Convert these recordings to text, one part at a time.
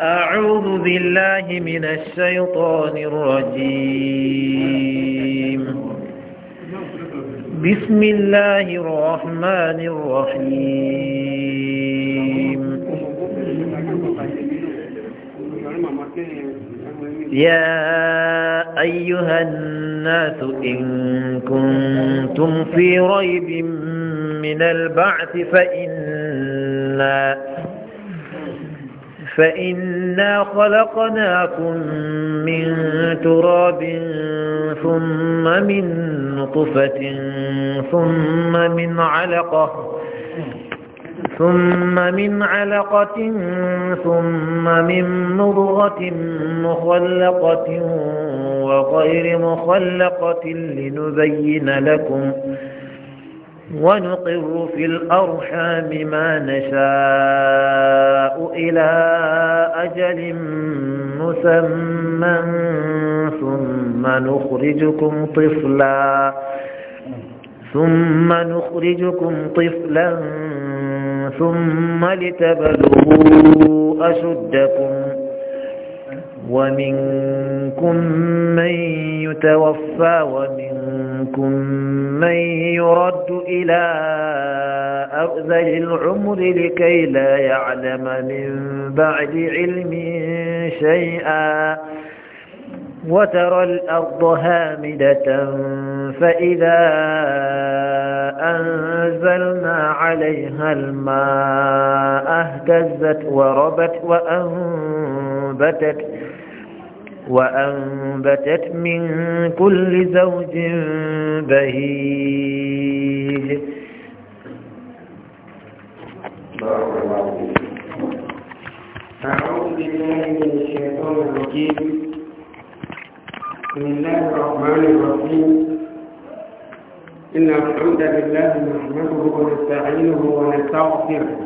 أعوذ بالله من الشيطان الرجيم بسم الله الرحمن الرحيم يا أيها الناس إن كنتم في ريب من البعث فإن فإنا فإنا خلقناكم من تراب ثم من نطفة ثم من علقة ثم من علقة ثم من مضغة مخلقة وغير مخلقة لنبين لكم ونقر في الأرحام ما نشاء إلى أجل مسمى ثم نخرجكم طفلا ثم نخرجكم طفلا ثم لتبلغوا أشدكم ومنكم من يتوفى ومنكم من يرد إلى أرذل العمر لكي لا يعلم من بعد علم شيئا وترى الأرض هامدة فإذا أنزلنا عليها الماء اهتزت وربت وأنبتت وأنبتت من كل زوج بهيج أعوذ بالله من الشيطان الرجيم بسم الله الرحمن الرحيم إن الحمد لله نحمده ونستعينه ونستغفره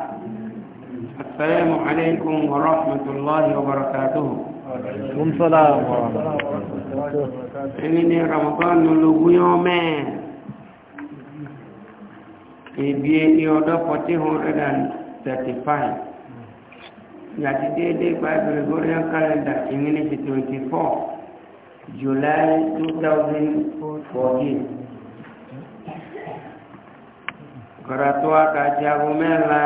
السلام عليكم ورحمة الله وبركاته وعليكم السلام ورحمة الله وبركاته إنني رمضان نلوغو يومين ibi ni ọdọ 1435 yàtí déédé gba gregorian calendar ìmìnì 24 july 2014 kọ̀rọ̀tọ́ àkàtì agbó mẹ́la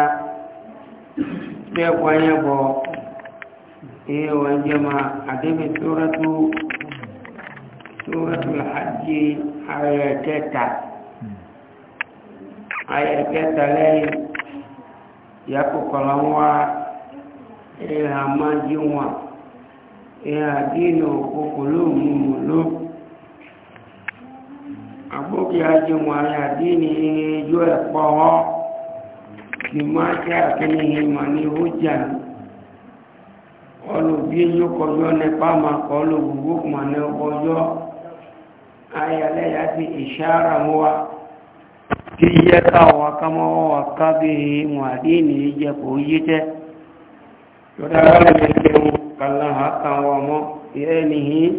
tẹ́kọ̀ yẹn bọ̀ iye wọn jẹ́ ma àdébì tóratú tóratú hajji ayẹ kẹta ayẹ kẹta lẹ́yìn yakọ̀kọ̀lọ́ wa ìhà máa jí wọn ìhà dínà òkòkòló mú àgbókè ajé wọn àyàdí ni ẹjọ́ ẹ̀pọ̀ wọn kìmáṣe àkẹ́nìyàn mà ní ó jà ní ọlùbí yóò kọjọ́ nípa máa kọ́ lògbògbò mà ní ọkọjọ́ ayẹlẹ́yà ti ìṣára mọ́ wa kí yẹ káwọ́ akámọ́wọ́ wa kábíyì mọ̀ádínì jẹ́ kò yí tẹ́ lọ́dọ̀ àwọn ẹgbẹ̀rún kàlá àkànwọ̀ mọ́ ìrẹ́nìyàn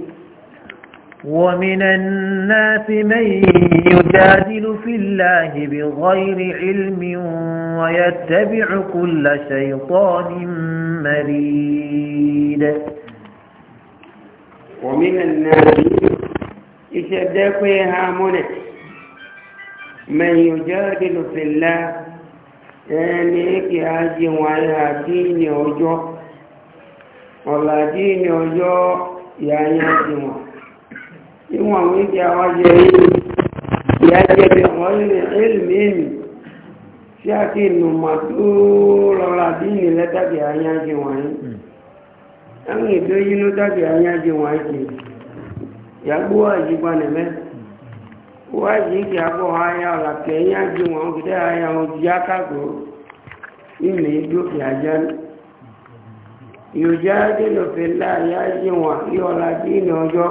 ومن الناس من يجادل في الله بغير علم ويتبع كل شيطان مريد ومن الناس يشدقها منع من يجادل في الله يعني كي وعيها دين وجو والله دين وجو يعني يجمع ìwọ̀n àwọn ìdí àwọn jẹ ìyá jẹ bí àwọn ilmìnì tí a kí nùmà tó lọ́la bí ìnìlẹ́ tàbí àyájẹ wọ̀nyí àwọn ìdó yínú tàbí àyájẹ wọ̀nyí yàgbó àjípa a bọ́ ayá ọ̀la kẹ́yìn àjò wọn kí dẹ́ ayá ojú akágbó ìmì yóò jẹ́ wọn yóò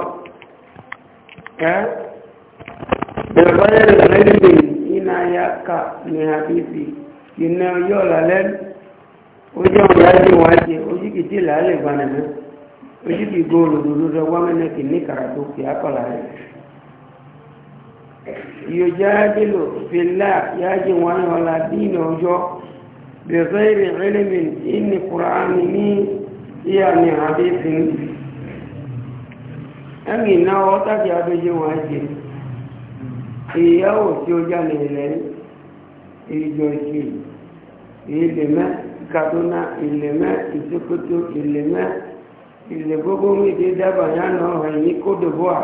بالغير العلم إنا يكا لحبيبي إنه يولا لن ojú ọ̀rọ̀ ẹni wá jẹ ojú kìí tí làálẹ̀ gbanàmẹ́ ojú kìí góòlù lòlú rẹ wá mẹ́nà kìí ní kàràtó kìí akọ̀là rẹ̀ yóò já délò fèlà ya ji wọn ọ̀la dínà ọjọ́ bẹ̀rẹ̀ ẹ̀mì ìnáwó tàbí abẹ́jẹ́ wọn jẹ ìyàwó tí ó jáde ilẹ̀ ìjọ ìṣe ìlẹ̀mẹ́ kaduna ìlẹ̀mẹ́ ìsokoto ìlẹ̀mẹ́ ilẹ̀ gbogbo méje dábàá yánà ọ̀hún ní kódòbọ́à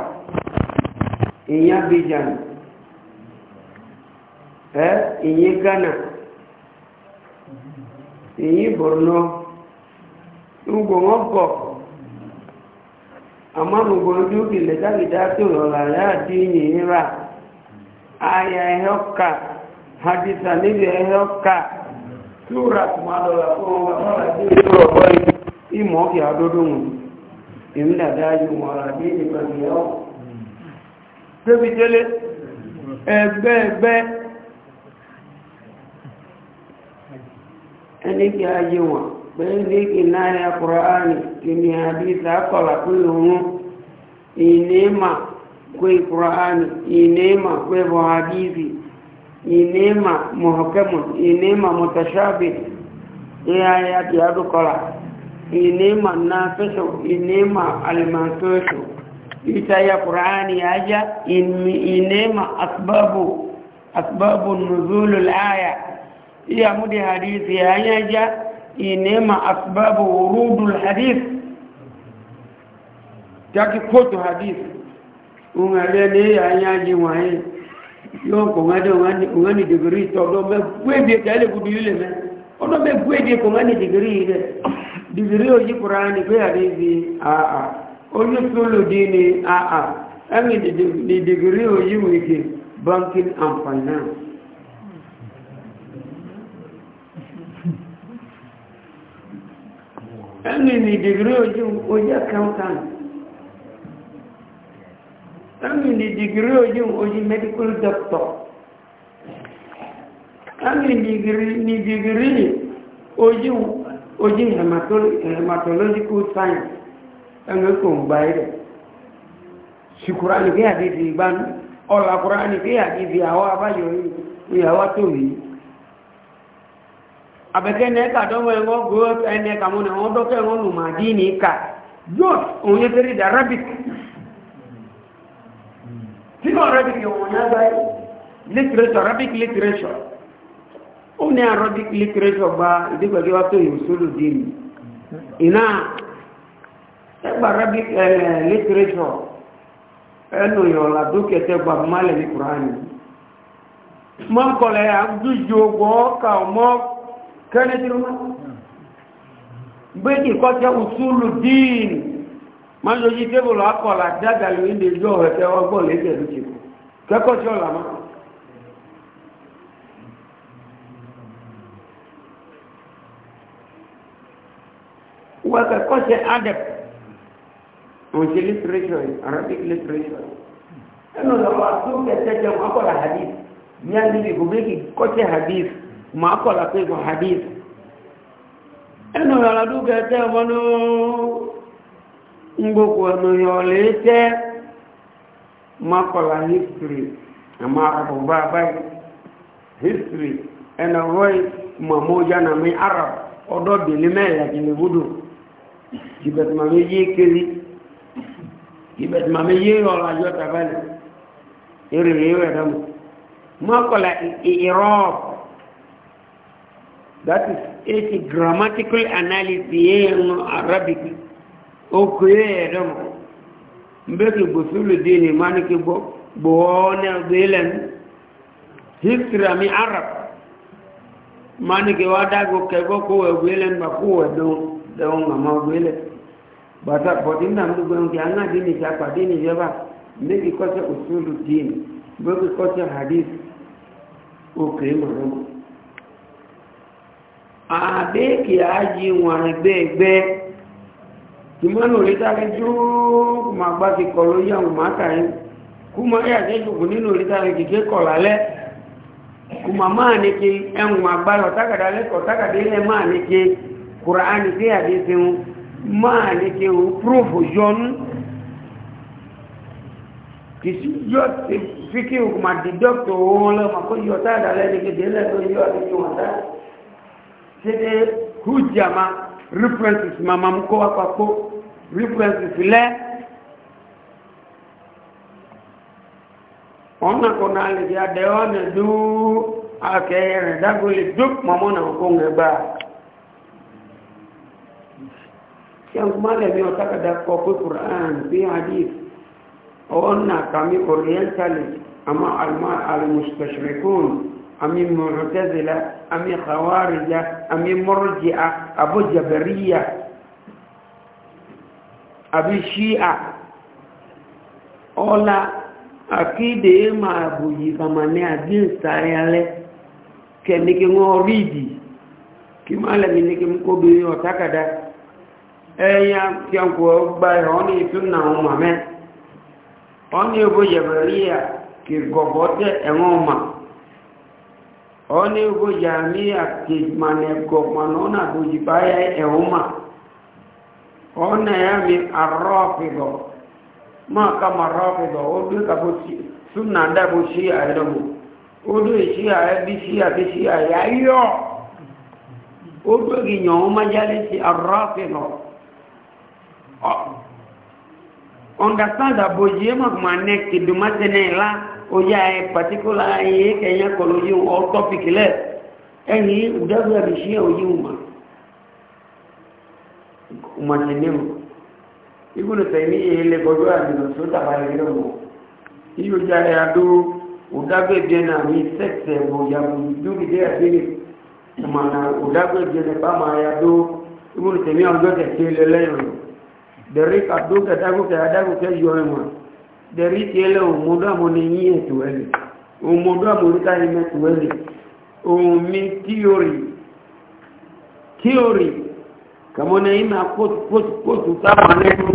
ìyá bíjàn ẹ ìyí ghana ìyí borno gbogbo wọn bọ̀ amma mugun dubi le dabi dati lola ya dini ira aya ehoka hadisa nibi ehoka tura kumalola kowa lola dini roboi imo ki adodun imda daju mara dini bani yo debi tele ẹgbẹ́ ẹgbẹ́ ẹni kí a yé wọn pẹ̀lú ìnáyà kùránì kìíní àdíta akọ̀lá pẹ̀lú wọn ìnéèmà pé kùránì ìnéèmà pé bọ̀ àdízi ìnéèmà mọ̀họ́kẹ́mù ìnéèmà mọ̀tàṣábì ìhàyà ti àdúkọ̀lá ìnéèmà náfẹ́sọ̀ ìnéèmà alìmọ̀tọ́sọ̀ ìtayà kùránì ajá ìnéèmà asbábù asbábù nùzúlù láàyà ìyàmúdì àdízi àyájá inema asbabu wurudu lhadis, taki koto hadith ungalele anyaji wae yoko ngade ngani ngani degree todo me kwede kale kudile me ono me kwede ko ngani degree ile ni oji qur'ani kwa hadithi a a onye solo dini a a ani degree oji wiki banking and finance ẹni ni dìgírí ojú ojú accountant ẹni ni dìgírí ojú ojú medical doctor ẹni ni dìgírí ojú ojú hematological science ẹni kò ń gba ẹ̀rẹ̀ ṣùkúrá ní kí àdìdì ìgbánú ọ̀làkúrá ní kí àdìdì àwọn abáyọ̀ ìyàwó tó yìí abeke ne ka do we ngo go ene ka mun on do ke ngonu madini ka jot on ye teri da rabbit ti ko rabbit yo on ya dai literature arabic literature on ya arabic literature ba ide ko wa to yusulu din ina ba arabic literature eno yo la do ke te ba male ni qur'ani mon ko abdu jogo ka mo kẹ́ni tí ó mọ́ gbéjì kọ́ tẹ́ òṣùlù díìnì máa ń lójú tébùlù akọ̀lá dágàlù ilé ìjọ ẹ̀kẹ́ ọgbọ́n lẹ́sẹ̀ ló ti kù kẹ́kọ̀ọ́ tí ó là máa wọ́n kọ́ tẹ́ adep òun ṣe literature arabic literature ẹnu lọ́wọ́ àtúntẹ̀ tẹ́jọ́ akọ̀lá hadith ní àdìbò gbéjì kọ́ tẹ́ hadith ma kọ̀lá pé kò hadith ẹnu ọ̀làdúgbẹ́ tẹ́ ọmọdú gbogbo ẹnu yọ̀lẹ̀ tẹ́ ma kọ̀lá history ma àbùbá báyìí history ẹnu rọ́ì mọ̀mọ́ jánàmí arab ọdọ́ bèlé mẹ́rẹ̀ jìnlẹ̀ gúdù ìbẹ̀tùmàmí yé kiri ìbẹ̀tùmàmí yé ọ̀là yọ tàbálẹ̀ eré yé that is it's grammatical analysis in arabic O mo, okoye edom mbeki gusulu dini maniki bo boone bilen history mi arab maniki wada go kego ko bilen ba ko do do ngama bilen bata bodinda mdu go ngi anga dini cha kwa dini yeba mbeki kosa usulu dini mbeki kosa hadith okay maramu àbẹ́ẹ̀kì ààyè wọn ẹgbẹ́ẹgbẹ́ ìmọ́nà orítàrí dúró ma gbá ti kọ̀ ló yàwó mákàrí kú mọ́ rí àjẹ́jùkú nínú orítàrí kìkẹ́ kọ̀ lálẹ́ kú ma máa ní kí ẹ̀hùn àgbáyọ̀ tágàdá lẹ́kọ̀ọ́ tágàdá ilẹ̀ máa ní kí kùránì sí àdéṣeun máa ní kí o púrófù yọnú kìsí yọ fíkì òkùnmá dìdọ́kítọ̀ òun lọ́mọ kó yọ tágàdá lẹ́ni kí délẹ̀ tó yọ àdéṣeun àdáyé sede hujja ma references ma ma mu ko wa pa ko references lɛ ɔna ko na le di adɛ ɔna du akɛ yɛrɛ dago duk mɔmɔ na ko ba yɛn kuma le mi da kɔ ko quran bi hadith ɔna kami orientalist ama alma alimustashrikun. أمي معتزلة أمي خوارجة أمي مرجئة أبو جبرية أبي شيعة أولا أكيد ما أبو يغماني أدين سايالي كنك ngoridi kimala minike mkodo yo takada eya kyanko bai honi tunna umame oni obo jabariya ki gogote engoma oni ugo jamii akimane gomanona bujibaya euma ona yami arafido ma kama rafido odu kabusi sunna nda bushi aidomu odu e shia ebishi abishi ayo odu ginyoma jalisi arafido understand abojema mane kidumatene la oya ẹ patikula ye kẹnyẹ kọlu yi ọ tọpiki lẹ ẹyin ìdájọ ẹbí ṣí òyìn ọmọ ọmọdé ní mu ìgbóni tẹ̀lé ilé gbọdọ̀ àdìgbò tó dàbà ilé mu yíyó já ẹ adó òdágbé bíẹ náà ní sẹ́ẹ̀sẹ̀ bò ni, dúgìdé àbílẹ̀ ìmọ̀nà òdágbé bíẹ náà bá máa ya dó ìgbóni tẹ̀lé ọjọ́ kẹ̀kẹ́ lẹ́lẹ́yìn rẹ̀ dẹ̀rí kàdó kẹ̀dágùkẹ̀ adágùkẹ̀ yọ ẹ̀mọ̀ deriti ele omodo amone yi etuwele omodo amorika yi metuwele omi theory theory kamone ina kotu kotu kotu sama nenu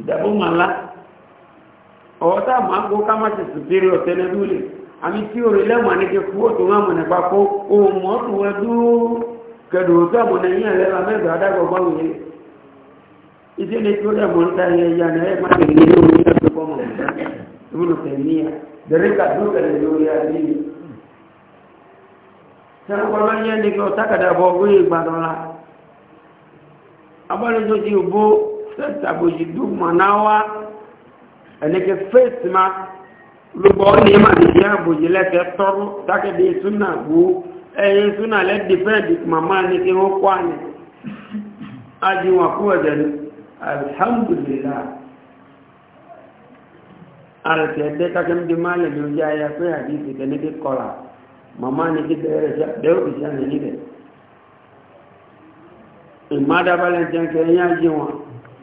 idabo mala ọta ma ko kama se superior tene dule ami theory le ma ne ke kotu ma mo ne pa ko omo tu edu kedu ta mo ne yi ele la me ga da go ba wi ise ne ko da mo ta ye ya ne ma ne ni koma ibn taymiya da rika duka da duniya dini sai ko man yan de ko taka da bo gui gbadola abale jo ji bo bo ji du ma ni ma ni ke toru taka suna sunna bu eh, e sunna le defend mama ni ke ho kwani di wa kuwa da alhamdulillah arẹ̀tẹ̀ ẹ̀dẹ́ kákẹ́mdé máa lè ló yá ya pé àdíṣe kẹ́lẹ́dẹ́ kọ́lá màmá ní kí tẹ́rẹ̀ sí àbẹ́rù sí àmì níbẹ̀ ìmádábalẹ̀ jẹ́ǹkẹ́ yá yí wọn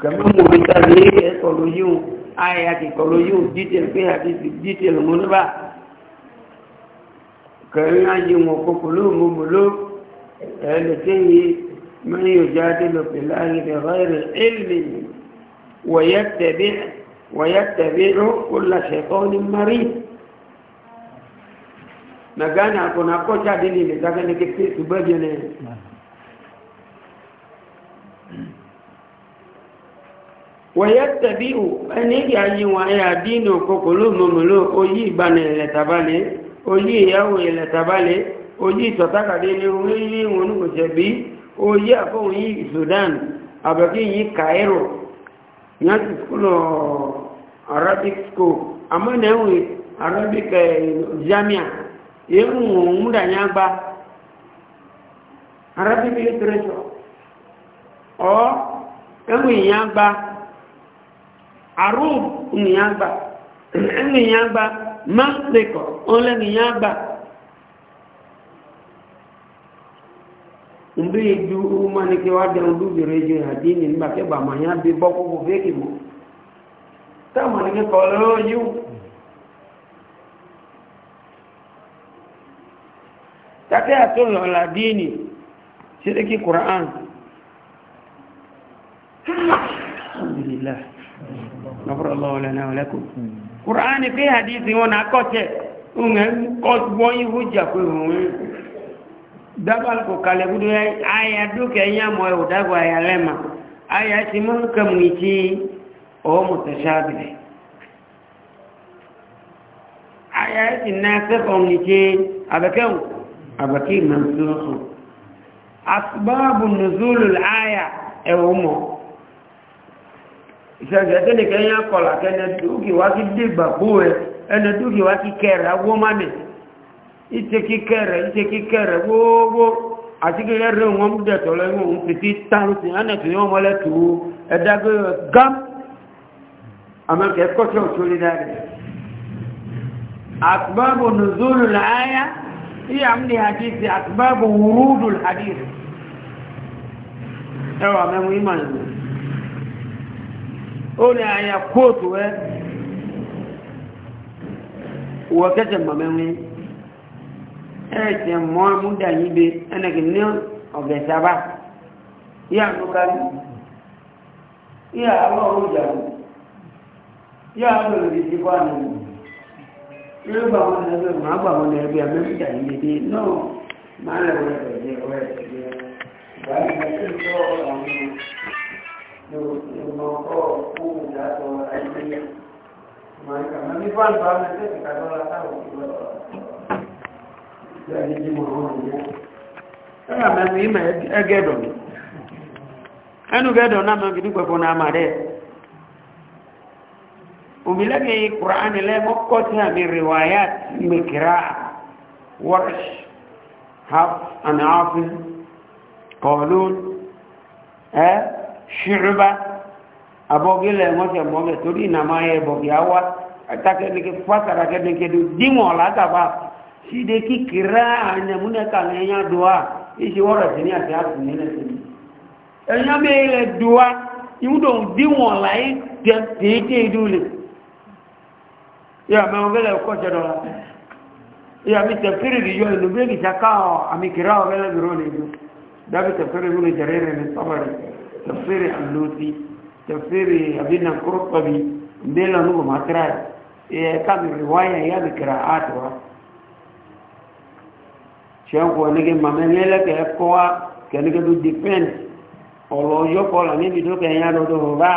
kẹ́mí mú mi tàbí ẹ̀kọ́ ló yí wọn ayẹyẹ akẹ́kọ̀ọ́ ló yí wọn dítẹ̀lì pé àdíṣe dítẹ̀lì mú níbà kẹ́mí yá yí wọn kókò ló mú mú ló ẹ̀ẹ́dẹ̀kẹ́ yìí mẹ́rin yóò jáde lọ pẹ̀lú ayẹyẹ rẹ̀ ẹ̀ẹ́lì ويتبع كل شيطان مريض magana kuna kocha dini ne daga ne eh. kike su baje ne wayattabi'u ani yayi wa ya e dinu kokolo mumulo oyi bane le tabale oyi yawo le tabale oyi totaka dini wili wonu ko sebi oyi afo onye sudan ka nyati kulo arabic school ama na enwe arabic eh, jamia yenwu muda nyagba arabic literature o enwe nyagba arub nyagba enwe nyagba mastiko ole nyagba mbe ju umani ke wada ndu jereje hadini mba ke ba manya bi boko ko veki mo ka ni ko lo yu tate atun la dini shiriki qur'an alhamdulillah nafar allah lana wa lakum qur'an ke hadithi wona ko che ungen ko boy dabal ko kale gudu ay aya duke nya mo e udago aya lema aya timun kamwiti o mutashabih aya tinase komniti abakem abaki mansukh asbab nuzul al aya e umo isajatene kenya kola kene duki waki diba buwe ene duki waki kera womane ìtẹ kíkẹ́ rẹ̀ ìtẹ kíkẹ́ rẹ̀ gbogbo àti kíkẹ́ rẹ̀ wọ́n mú dẹ̀tọ̀ lẹ́yìn òun fi ti ánẹ̀tì ní àdíṣe àtúbàbò wúrúdù àdíṣe ẹwà mẹ́mú ìmọ̀ ìlú ó ẹ̀ẹ̀tẹ̀ mọ́ múdà yíbe ẹnẹ̀kì ní ọ̀gẹ̀ sábà yíà ló kárí yíà alọ́rọ̀ ìjàrù yíà lọ́rọ̀ ìdíjíkọ́ ànàmù yóò bá wọn ẹgbẹ́ máa bá wọn ẹgbẹ́ àmì múdà yíbe dé náà máa lẹ̀wọ̀ ẹ̀ẹ̀dẹ̀ ọ̀rẹ́ ẹ̀ẹ̀dẹ̀ Mereka menifan bahan itu kita tolak tahu lẹ́yìn tí mo rọrùn jẹ́ ẹ̀rọ mẹ́rin ìmọ̀ ẹgẹ́dọ̀ mi ẹnu gẹ́dọ̀ náà mẹ́rin kìí pẹ̀fọ́ náà mà dẹ́ òmìnlẹ́gẹ̀ kùránì lẹ́mọ́kọ́ tí àmì rìwáyà mẹ́kìrá wọ́rṣ haf and hafin kọlún ẹ́ ṣìrìbá abọ́gílẹ̀ wọ́n tẹ̀ mọ́gẹ̀ torí ìnàmáyẹ bọ̀gì àwá àtàkẹ́dẹ̀kẹ́ síde kíkìrá àyẹ̀múnẹ́ka ẹ̀yà dùwà iṣẹ́ wọ́rọ̀ sí ní àti àtúnilẹ̀ sí ní ẹ̀yà mẹ́rẹ̀ dùwà ìwúdò díwọ̀n láyé tẹ́ẹ̀tẹ́ ìdúlé ìyàmẹ́ ọgẹ́lẹ̀ kọ́ṣẹ́ dọ́la ìyàmẹ́ tẹ̀fẹ́rẹ̀ yọ ìlú bí i ṣaká àmì kìrá ọgẹ́lẹ̀ bìrọ̀ lè dùn dábì tẹ̀fẹ́rẹ̀ múlẹ̀ jẹrẹrẹ ní sọ́bàrẹ̀ tẹ̀fẹ́rẹ̀ àlóti tẹ̀fẹ́rẹ̀ àbínà kúrúpàbí mbẹ́lẹ̀ ọ̀nùgbọ̀n máa kíra ẹ̀ sẹ́ńkọ́ nígbà màmẹ́ lẹ́lẹ́kẹ̀ẹ́ kọ́ wa kẹ́nìkẹ́ tó dìpẹ́ǹd ọ̀rọ̀ yọkọ̀ là níbi tó kẹ́yìn àdọ́dọ̀ rà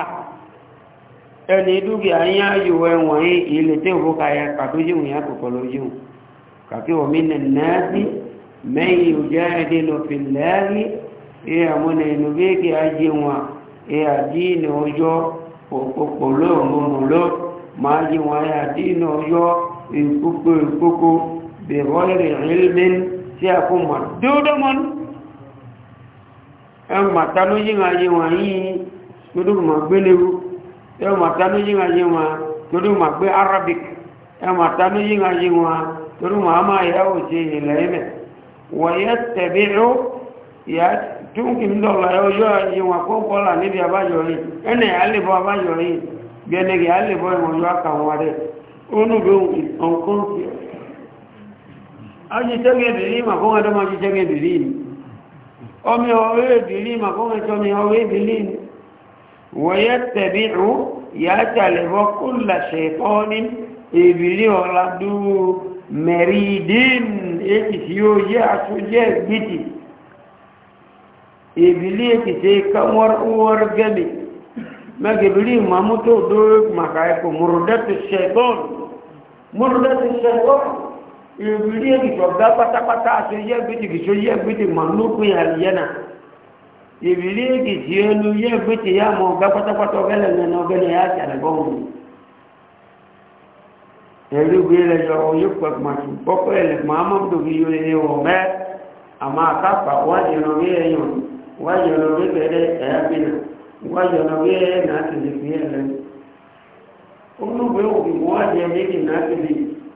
ẹni dúkìá yín ayò ẹ̀wọ̀n yín ilé tẹ́ òfó kàyà kàtó yíwò yín àkọ́kọ́ ló yíwò kàkí omi nà nàásì mẹ́yìn òjá ẹ̀dẹ́ lọ fi lẹ́ẹ̀rí ẹ̀ àmúnà ẹnu bí kí a jẹ wọn ẹ̀ àdí ní ọjọ́ òpòpòló òmùmùló máa jẹ wọn ìkókó ìkókó bẹ̀rọ̀ ìrìn tí a kó mọ̀ dúdọ́mọ́n ẹn màtánú yíwáyé wọn yìí tódùmọ̀ gbéléwú ẹn màtánú yíwáyé wọn tódùmọ̀ gbé arabic ẹn màtánú yíwáyé wọn tódùmọ̀ a máa yà ó ṣe ilẹ̀ ilẹ̀ wọ̀nyẹ́ tẹ̀bí ó yà túnkì ń dọ̀lọ̀ ọjọ́ ayé wọn kó kọ́là níbi àbáyọ yìí ẹnì àlebọ àbáyọ yìí gbẹnẹgẹ àlebọ ìwọ̀nyọ́ àkàwọn adẹ ajitẹ́gẹ̀ ìbìrí ma fún ẹdọ́mọ ajitẹ́gẹ̀ ìbìrí ni ọmọ ọwẹ́ ìbìrí ma fún ẹtọ́mọ ọwẹ́ ìbìrí ni wọ́yẹ́ tẹ̀bí rú yàtàlẹ̀wọ́ kó làṣẹ tọ́ ní ìbìrí ọ̀la dúró mẹ̀rídín èkìtì yóò yẹ àtúnjẹ́ gbìtì ìbìrí èkìtì kọ́wọ́r gẹ́mi mẹ́gẹ̀bìrí mamuto dúró màkà ẹ̀kọ́ mùrùdẹ́tù ṣẹ̀tọ́n mùrùdẹ́tù ṣẹ̀tọ́n ìrírí ìjọba pátápátá àti yẹ́gbẹ́tì tó yẹ́gbẹ́tì mọ̀ lópin àríyẹ́nà ìrírí èdè tí ó lu yẹ́gbẹ́tì yá mọ̀ ọgbà pátápátá ọgẹ́lẹ̀ nínú ọgẹ́lẹ̀ yá àti àlẹ́gbọ́n ẹ̀rí gbé lẹ́yọ oyó pẹ̀kùmàtì bọ́kọ̀ ẹ̀lẹ̀ mahamadu fi yọ ilé wọ̀ mẹ́ àmọ́ àkápà wáyé lọ bí ẹ̀yàn wáyé lọ bí bẹ̀rẹ̀ ẹ̀yà bìnà wáyé lọ bí ẹ̀yà náà ti lè fi ẹ̀lẹ́ olùgbé òkùnkùn wáyé ẹ̀yà náà ti lè fi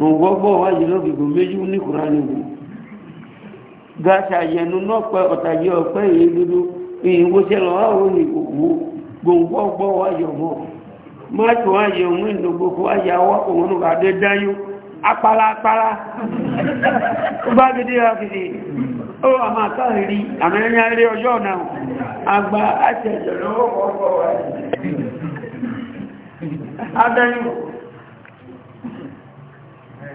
gbogbo wa yìí lóbi gbò méjì ní kùránì wò gàtà yẹnu náà pẹ ọ̀tà ọ̀pẹ yìí dúdú ìyìn wọ́n ṣe lọ́wọ́ àwọn òyìnbó gbòǹgbọ́gbọ́ wa yọ mọ́ mọ́tò wá òun ní dé dáyó ó bá gidi gidi ó wà máa káàrí ọjọ́ náà àgbà àti lọ́wọ́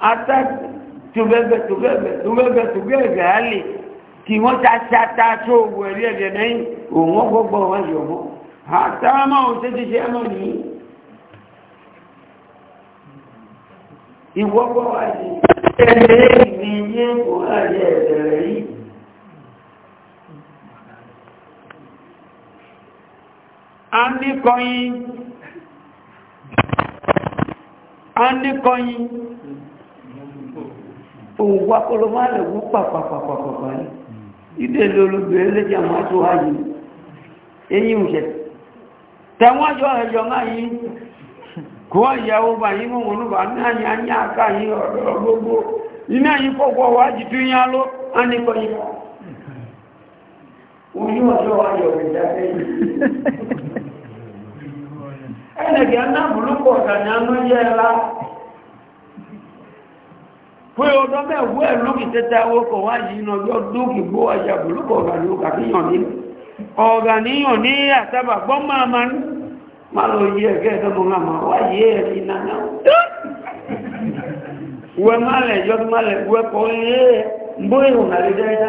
ata tubẹbẹ tubẹbẹ tubẹbẹ tubẹbẹ ali kí wọn ta ta ta tó owó ẹrí ẹdẹ náà òun gbogbo wọn yọ mọ ata máa ń ṣe ṣiṣẹ mọ nìyí ìwọ gbọ wá sí ẹgbẹ ìgbì yé kó àyè ẹsẹ rẹ yìí. a ní òun wá kọlọ máa lè wú pàpàpàpàpàpà ní ìdè lólùbẹ̀ẹ́ lẹ́jẹ̀ àwọn tó háyé èyí ìṣẹ̀ tẹ̀wọ́n jọ ẹ̀yọ̀ náà yìí bà bà ní àká yìí gbogbo pé ọdọ́ bẹ́ẹ̀ wú ẹ̀ lókì tẹ́ta owó kọ̀ wá yìí náà yọ lókì gbó ọjà bùlúkọ̀ ọ̀gàníyàn kàkíyàn ní ọ̀gàníyàn ní àtàbà gbọ́n máa ma ní má lọ yí ẹ̀kẹ́ ẹ̀dọ́mọ́ náà máa wá yí ẹ̀ ní nàná wẹ́ má lẹ̀ yọ má lẹ̀ wẹ́ kọ́ lé ẹ̀ e, mbó ìrùn àlejò ẹ̀dá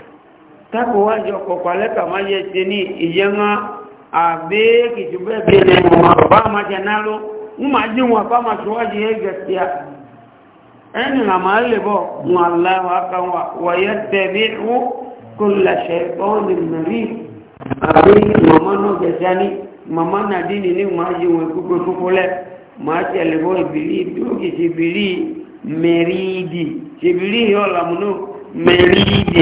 tako wájọ kọ̀kọ̀ lẹ́kà máa yẹ ti ní ìyẹ́ngá àbẹ́ẹ̀kì tí bẹ́ẹ̀ bí ẹni ọmọ bá máa jẹ náà ló ń máa jí wọn bá máa ṣíwájú ẹgbẹ̀ tí a ẹni nà máa lè ni ní máa jí wọn kúkú kúkú lẹ̀ máa tẹ̀lé bọ́ ìbílí dókì ti bílí mẹ́rí ìdì ti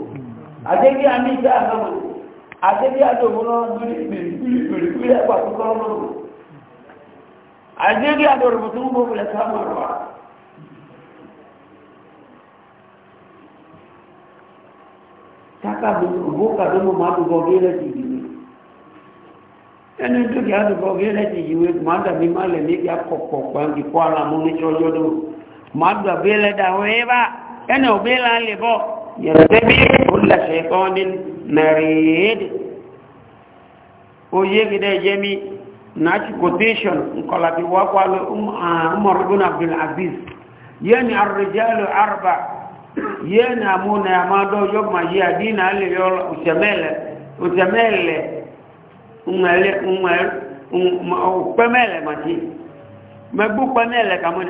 àtẹ́bí àmì ìgbà àgbàmù àtẹ́bí àdòmúná dúrí ìgbèrègbè ẹgbà tó kọ́ lọ́rùn àtẹ́bí àdòmú tó ń gbogbo ẹ̀ sáà mọ̀rọ̀ wa tákà gbogbo kàdó mọ̀ máa dùgbọ́ gẹ́lẹ́ ti yìí ẹni tó kí á dùgbọ́ gẹ́lẹ́ ti yìí máa dàbí má lẹ̀ ní kí á kọ̀kọ̀ pàǹkì kọ́ àlàmú ní ṣọ́jọ́ dùn máa dùgbọ́ gẹ́lẹ́ dà bá ẹni òbí là ń lè bọ̀ yẹ̀rọ̀ tẹ́bí كل شيطان مريد ويجد جميع ناتي كوتيشن قال بيوقع عمر بن عبد العزيز يعني الرجال أربع يعني أمونا ما دو يوم ما جي دين اللي يقول وتمل وتمل ومال ومال ومال ما تي ما بو بمال كمان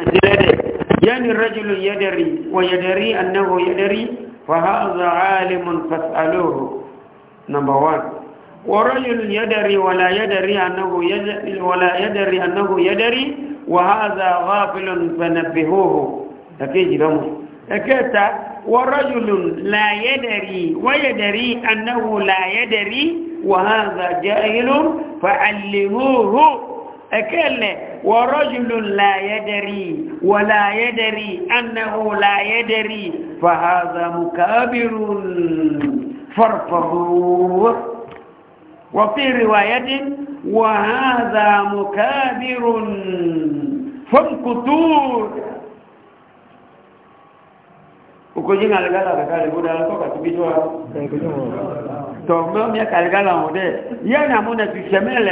يعني الرجل يدري ويدري أنه يدري فهذا عالم فاسألوه number one ورجل يدري ولا يدري أنه يدري ولا يدري أنه يدري وهذا غافل فنبهوه تكيجي لهم أكتا ورجل لا يدري ويدري أنه لا يدري وهذا جاهل فعلموه ekele warajulu la yadari wala yadari annahu la yadari fa hadha mukabirun farfahu wa fi riwayatin wa hadha mukabirun famkutur ukojinga aligala kakale buda alikoka tibitwa to mimi aligala ode yana muna tusemele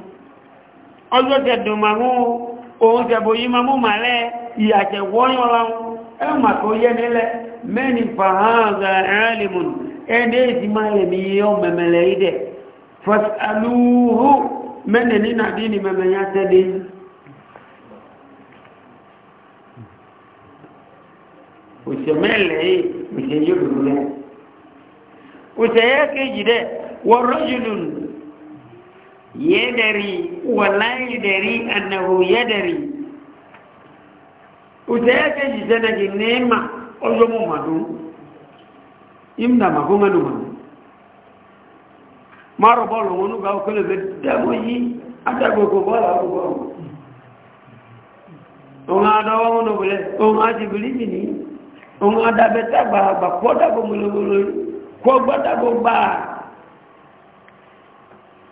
ọjọ́ jẹ̀dùn màmú òun jẹ̀bò yí ma màlẹ́ ìyàjẹ̀ wọ́yán láwọn ẹ̀mà tó yẹ́ nílẹ̀ mẹ́ni fàhánzà ẹ̀rẹ́lìmùn ẹni èsì máa lè mi yíó mẹ̀mẹ̀lẹ̀ ìdẹ̀ fàtàlúhù mẹ́ni nínà dínì mẹ̀mẹ̀yà tẹ́lẹ̀ òṣèmẹ́lẹ̀ yìí òṣèyí yadari wallahi dari annahu yadari utayake jitana ginema ojo mu madu imna magunga numa maro bolo wonu ga okele bedda moyi atago ko bala ko bolo onga do wonu bele onga jibili ni onga da beta ba ba ko ko mulo ko gbada ko ba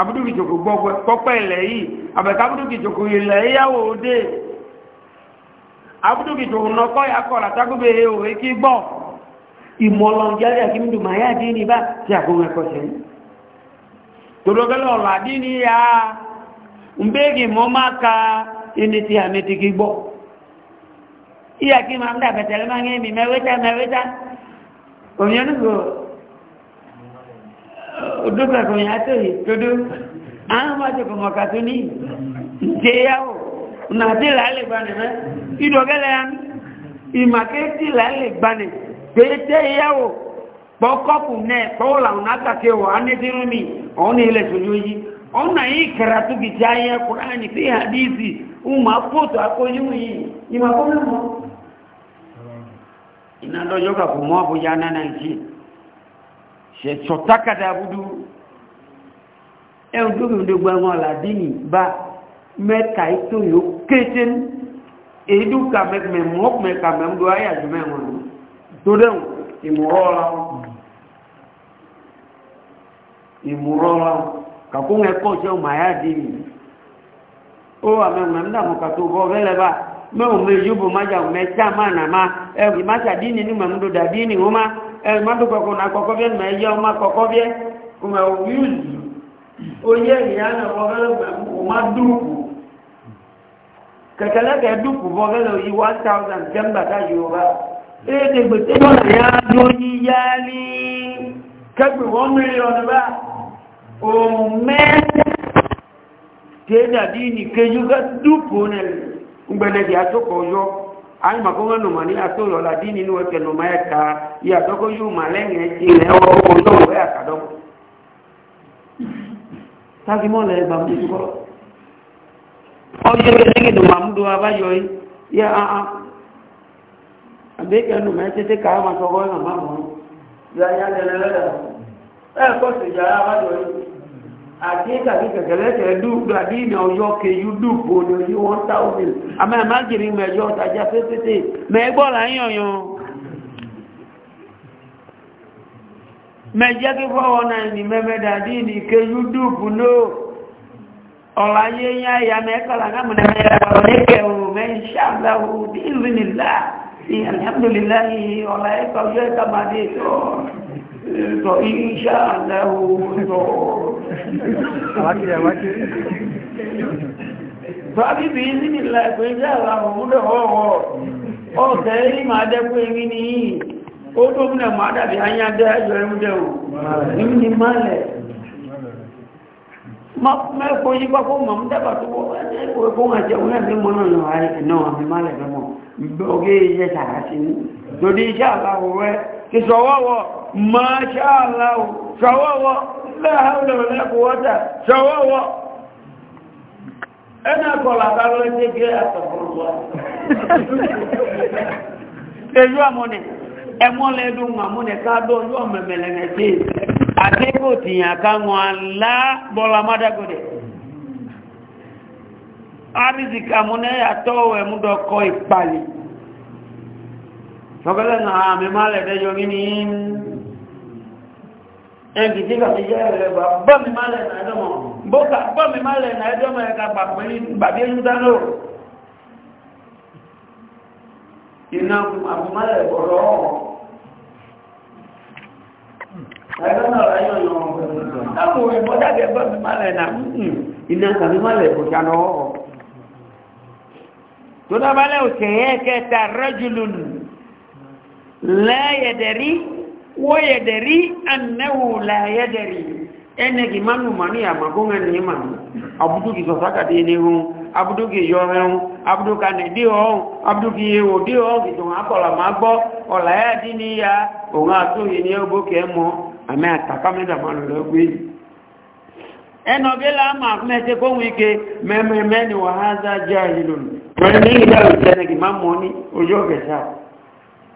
abudu kìjòkó gbọ́ kọ́pẹ́ ilẹ̀ yìí àbẹ̀ká abudu kìjòkó ilẹ̀ yíyáwó òde abudu kìjòkó nọkọ́ ya kọ́ làtàkùnbé òwe kí gbọ́ ìmọ̀lọ́njẹ́rẹ́ kí mídùmá yá dín ní bá tí àkóhun ẹ̀kọ́ sẹ́yìn ní ya ka òdúgbà kan yà tó yìí tódó àwọn máa jẹ́ kọmọ kàtó ní jẹ́ yàwó nàdí làálẹ̀ gbanẹ̀ mẹ́ ìdọ̀gẹ́lẹ̀ yà ní ìmàkéjì làálẹ̀ gbanẹ̀ pé jẹ́ yàwó pọ́kọ́pù náà pọ́wọ́ làwọn àtàkẹ́ wà á ní dínú mi ọ̀hún ní ilẹ̀ tó yóò yí ọ̀nà yìí kẹrà tó kì já yẹ kúránì mọ́ àbújá náà nàìjíríà ṣẹ̀ṣọ̀tákàdá búdú ẹ̀rùn tó mìí gbogbo àwọn àlàdínì bá mẹ́ta ètò yóò kéte ní èdú kàmẹ́kàmẹ́ mọ́kùnmẹ́ kàmẹ́ mọ́ ayé àjùmẹ́ wọn tó dẹ̀wọ̀n ìmúrọ́ra ìmúrọ́ra kàkún ẹ̀kọ́ ṣe ọmọ ayé àdínì ó wà mẹ́wọ̀n ẹ̀mdà mọ́ kàtó bọ́ fẹ́lẹ́ bá mẹ́wọ̀n mẹ́ yóò bọ̀ májà mẹ́ta máa nà má ẹ̀rù ìmáṣàdínì ní mẹ́múdó dàdínì o ma ẹ̀mọ́dún kọ̀kọ̀ náà kọ̀kọ́ bí ẹ̀mọ́ ẹ̀yẹ ọmọ kọ̀kọ́ bí ẹ̀mọ́ òwúrùn oyé ìyáná ọ̀rẹ́lẹ̀ ọmọ dúkù kẹ̀kẹ́lẹ́kẹ̀ dúkù bọ́gẹ́lẹ̀ yí 1000 jẹ́mbàtà yorùbá èdè gbèsè bọ́ọ̀lù yá dún yíyá ní kẹ́gbẹ̀ 1 mílíọ̀nù bá òun mẹ́rin tẹ́ẹ̀dà dí ní kẹjú ká dúkù nẹ̀ ń gbẹ̀lẹ̀ ayi ma ko ŋa noma ni ato lɔ la di ni wo kɛ noma yɛ ka ya dɔ ko yu ma lɛ ŋɛ ti lɛ wɔ o lɔ o yɛ ka dɔ taki mɔ lɛ ba mu kɔrɔ ɔyɛ bɛ lɛ ŋɛ noma mu do a ba yɔ yi ya a a a bɛ kɛ noma yɛ tete ka ma sɔgɔ yɛ ma ma mɔ ya ya lɛ lɛ lɛ ɛ kɔsi ya a ba yɔ yi àti kàkíkà kẹlẹ́kẹ̀ dúdú àdínà ọjọ́ kejì dúpò ní ojú 1000 àmà ìmájìrí mẹjọ ọ̀tàjá pépété mẹ́gbọ́lá yíyàn mẹjẹ́ kí fọ́wọ́ náà ní mẹ́mẹ́dà àdínì kejì dúpò náà ọ̀láyé yá ya mẹ́kàlá náà mẹ́kẹ̀ẹ́ sọ iṣẹ́ àlẹ́wò sọ Fábíbí ní ìlà ẹ̀kọ́ iṣẹ́ àlàmù múlẹ̀ ọwọ́ ọ̀tẹ́ rí máa dẹ́kún èmi ní yìí, ó tó múlẹ̀ máa dàbí ayá dẹ́ ẹjọ́ ẹmúdẹ̀ ò, èmi ni máa lẹ̀. Mẹ́kọ́ yí pápọ̀ mọ̀ mú dábà tó wọ́n ẹ̀kọ́ ẹ̀kọ́ tòdí iṣẹ́ àláwò rẹ̀ ti sọwọ́wọ́ máa ṣe àláwò sọwọ́wọ́ lẹ́hàúlẹ̀wọ̀lẹ́kùwọ́ta sọwọ́wọ́ ẹnà kọlà bá lọ ṣe gẹ́ àtọ̀fọ́lọ́wọ́ ẹjú àmọ́nẹ̀ ẹmọ́lẹ́dùn àmọ́nẹ̀ káàdọ́ tọ́kẹ́lẹ́ náà mi máa lẹ̀dẹ́ yọ ní ní ẹgbì tí kàfí jẹ́ ẹ̀rẹ̀ gbà bọ́ mi máa lẹ̀nà ẹ̀dọ́mọ̀ bókà bọ́ mi máa lẹ̀nà ẹ̀dọ́mọ̀ ẹ̀ka pàpẹ́ ní bàbí ẹ̀yún dánú iná àbúmọ́lẹ̀ ọ̀rọ̀ ọ̀rọ̀ ẹ̀dọ́mọ̀ ẹ̀yọ́ yọ la yadari wa yadari annahu la ene ki manu mani ya ni abudu ki so saka de ni hun abudu ki yo hun abudu ka ni di abudu ki e wo di hun ki tun akola ma gbo ola ya di ni ya o nga to yi ni obo ataka me da manu lo gbe eno la ma me se ko wi ke me me me ni wa jahilun ni mamoni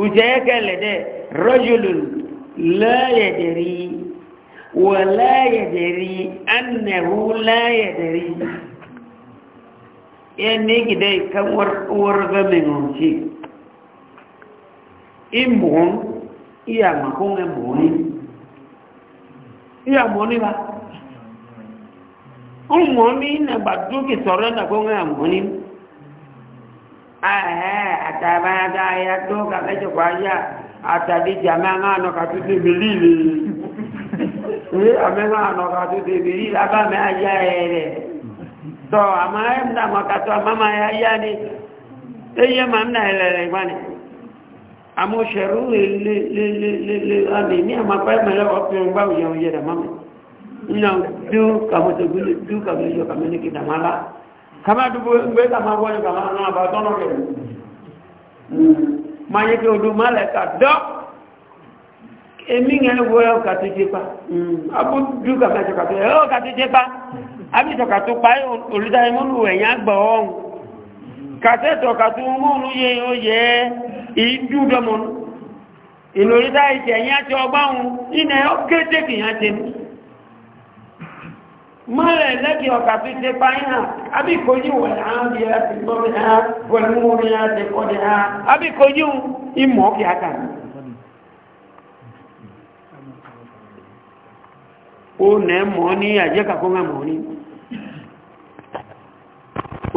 وجاك لدى رجل لا يدري ولا يدري أنه لا يدري يعني كده كم ورغة منهم شيء إمهم إيا ما كون إمهم إيا موني با أمهم إنا بدوك سورنا كون إمهم àtàbáyádá ya tó kàfẹ́jọpọ̀ ayá àtàdé jàmẹ́rán ànàkà tó tèbè líle ya àmẹ́rán ànàkà tó tèbè líle abámẹ́ ayá ẹ̀ rẹ̀ tọ́ àmà ẹ̀mdà mọ̀kàtọ́ àmàmà ya ni eye màmdà ẹ̀lẹ̀rẹ̀ gbani àmúṣẹ̀rú lélẹ́lẹ́lẹ́lẹ́ àmì ní àmàpá ya ọ̀pẹ̀rún ya òye kama dubu gbé kama wọ́n ní kama náà bá tọ́nà rẹ̀ máa yẹ kí odò máa lẹ̀ ká dọ́ èmi yẹn wọ ẹ̀ kàtí tẹ́ pa abúdú kàtí tẹ́ kàtí ẹ̀ kàtí tẹ́ pa àbí tọ́ka tó pa olùdarí múlù ẹ̀yìn àgbà ọ̀hún kàtí tọ́ka tó múlù yẹ ó yẹ ìdú dọ́mọ́nù ìlòrí táyì tẹ̀yìn àti ọgbà ọ̀hún ìnà ẹ̀ ó kéde kìyàn tẹ̀mí mọ́lẹ̀ lẹ́kì ọ̀kà fi ṣe báyìí àbíkojú wẹ̀ àábí àti lọ́rẹ̀ ha pẹ̀lúmọ́rí àti kọ́dẹ̀ ha àbíkojú ìmọ̀ kí a kàrí ó nẹ́ mọ́ ní àjẹ́kàkó mẹ́mọ́ ní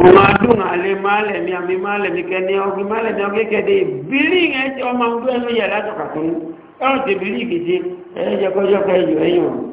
òun adùn àlè málẹ̀mí àmì málẹ̀mí kẹni ọgbì málẹ̀mí ọgbì kẹdẹ ìbílí ẹjọ́ ọmọ ọdún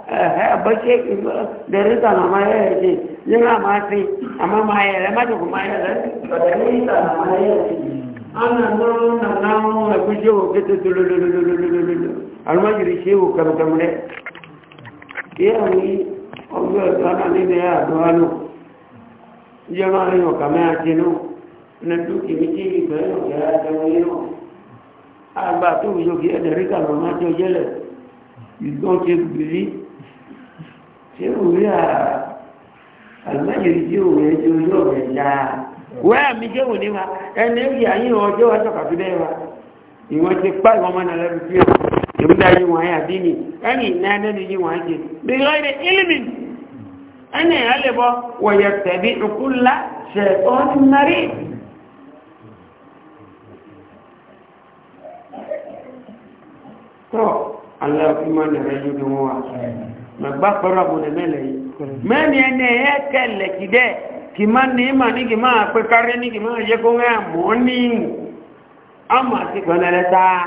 बच्चे देरी का नाम है जी ये ना मासी हम माय है मैं तो माय है देरी का नाम है ana nɔnɔ nana ŋɔ ɛkutɛ wo kete tolololololololo alumajiri se wo kamikamu dɛ yíyá ní ọjọ́ ìtọ́nà nílẹ̀ àdọ́wálò jẹ́ máa rí ọ̀kà mẹ́ra ti nù ní dúkì ní tí ìgbẹ́ ọ̀gẹ́ àjẹun nínú àgbà tó wùjọ kí ẹ̀dẹ̀ rí kàlọ́ máa jọ jẹ́lẹ̀ ìgbọ́n ti bìrí yóò rí à àlùmáyèrè tí òun yẹn ti ojú ọ̀rẹ́ dá wẹ́ẹ̀ mi jẹ́ òní wa ẹni yìí ayé ọjọ́ ọjọ́ kàbílẹ̀ wa ìwọ́n ti pa ìwọ́n mọ́nà lẹ́nu tí ó èmi dá yí wọ́n ayé àdínì ẹni náà lẹ́nu yí wọ́n ayé bíkọ́ ilẹ̀ ilmi ẹni ẹ̀ lè bọ́ wọ̀yẹ̀ tẹ̀bí ìkúlá ṣẹ̀tọ́ ní marí tọ́ aláàfin mọ́nà rẹ̀ yóò dùn wọ́n wa magba kpɛrɛ bo ne mɛ lɛ yi mɛ niɛ ne yɛ kɛ lɛ ki dɛ ki ma ne ma ni ki ma kpɛ kari ni ki ma yɛ ko ŋa mɔ ni ama ti gbɛnɛ lɛ taa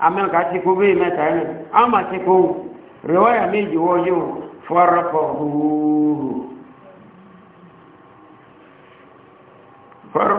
ame ka ti ko bee mɛ ta yɛ ama ti ko rewaya mi yi wɔ yi o fɔrɔ kɔ huuhu fɔrɔ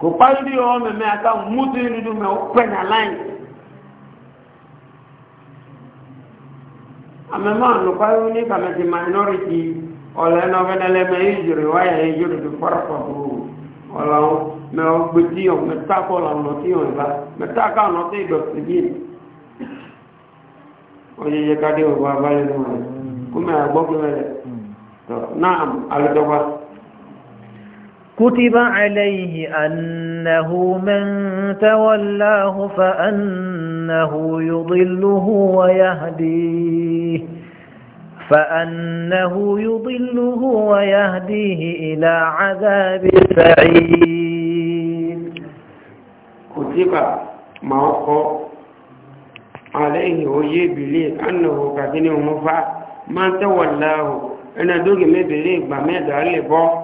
kò pàdé ọ mẹ́mẹ́ àká mútu nínú mẹ́ ó pẹ̀ nà láì àmẹ́mọ́ ànùpáyé ní kàmẹ́tì minority ọ̀lẹ́nà ọ̀fẹ́nẹ́lẹ́mẹ́ ìjìrì wáyà ìjìrì tó fọ́rọ̀pọ̀ ọ̀làwọ̀ mẹ́ ọ gbé tí ọ mẹ́ta kọ́ ọ̀nà tí ọ ìbá mẹ́ta ká ọ̀nà tí ìdọ̀tí bí ọ̀yẹ̀yẹ ká dé ọ̀gbọ́n abáyé lọ́wọ́ kúmẹ́ àgbọ́gbẹ́mẹ́lẹ̀ náà àlùjọba كتب عليه أنه من تولاه فأنه يضله ويهديه فأنه يضله ويهديه إلى عذاب السعير كتب ما عليه ويبلي أنه كثير مفع من تولاه أنا دوغي مبلي بمدى لبوه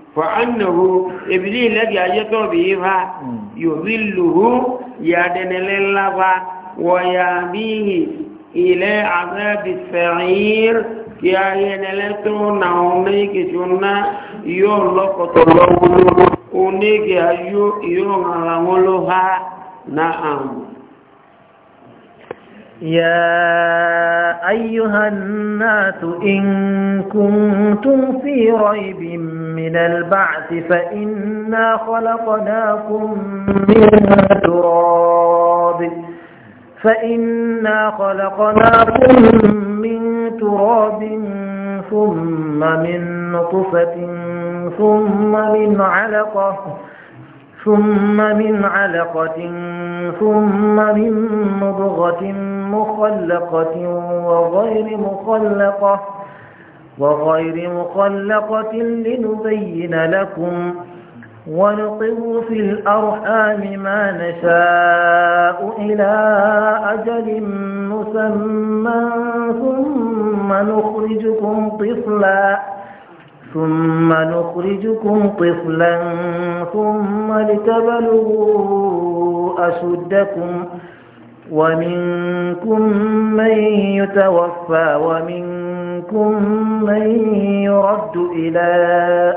فأنه إبليل الذي أجده بيها يذله يدن للفا ويابيه إلى عذاب السعير يا ينلتو نعونيك جنة يولوك تلوه ونيك أيو يوم على نعم يا أيها الناس إن كنتم في ريب من البعث فإنا خلقناكم من تراب فإنا خلقناكم من تراب ثم من نطفة ثم من علقة ثم من علقة ثم من مضغة مخلقة وغير مخلقة وغير مخلقة لنبين لكم ونقر في الأرحام ما نشاء إلى أجل مسمى ثم نخرجكم طفلاً ثم نخرجكم طفلا ثم لتبلغوا أشدكم ومنكم من يتوفى ومنكم من يرد إلى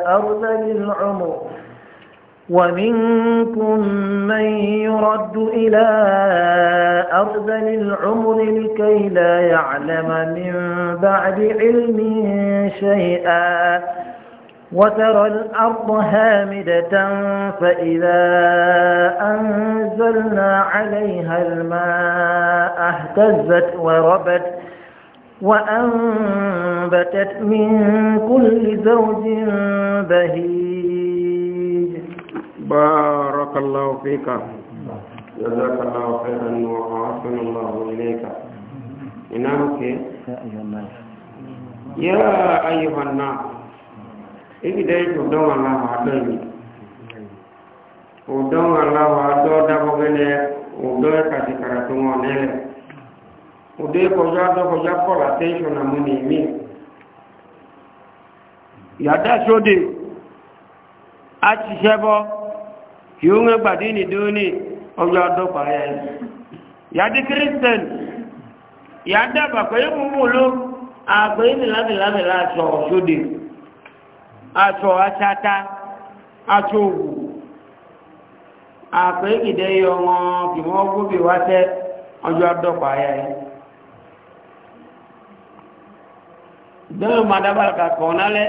أرض العمر ومنكم من يرد إلى أرذل العمر لكي لا يعلم من بعد علم شيئا وترى الأرض هامدة فإذا أنزلنا عليها الماء اهتزت وربت وأنبتت من كل زوج بهيج بارك الله فيك جزاك الله خيرا وأحسن الله إليك إنامك يا أيها الناس إبدأت دون الله عليه Udon Allah ado dabo gele udo ka ti karatu ngone udo ko ya do ko ya ko la te yo na muni mi ya da so de a ti sebo yíò ń gbàdí nìdó ní ọjọ́ àdọ́pà ayá yìí yàdí kírísítẹ̀n yàdí àbàpẹ́ yóò mú ló àgbẹ̀ yìí lábẹ̀lábẹ̀lá aṣọ ọ̀ṣọ́dẹ̀ aṣọ aṣáta aṣọ òwò àgbẹ̀ yìí kìdẹ́ yọ wọn kì wọ́n gbóbi wá tẹ́ ọjọ́ àdọ́pà kọ̀ọ̀nálẹ́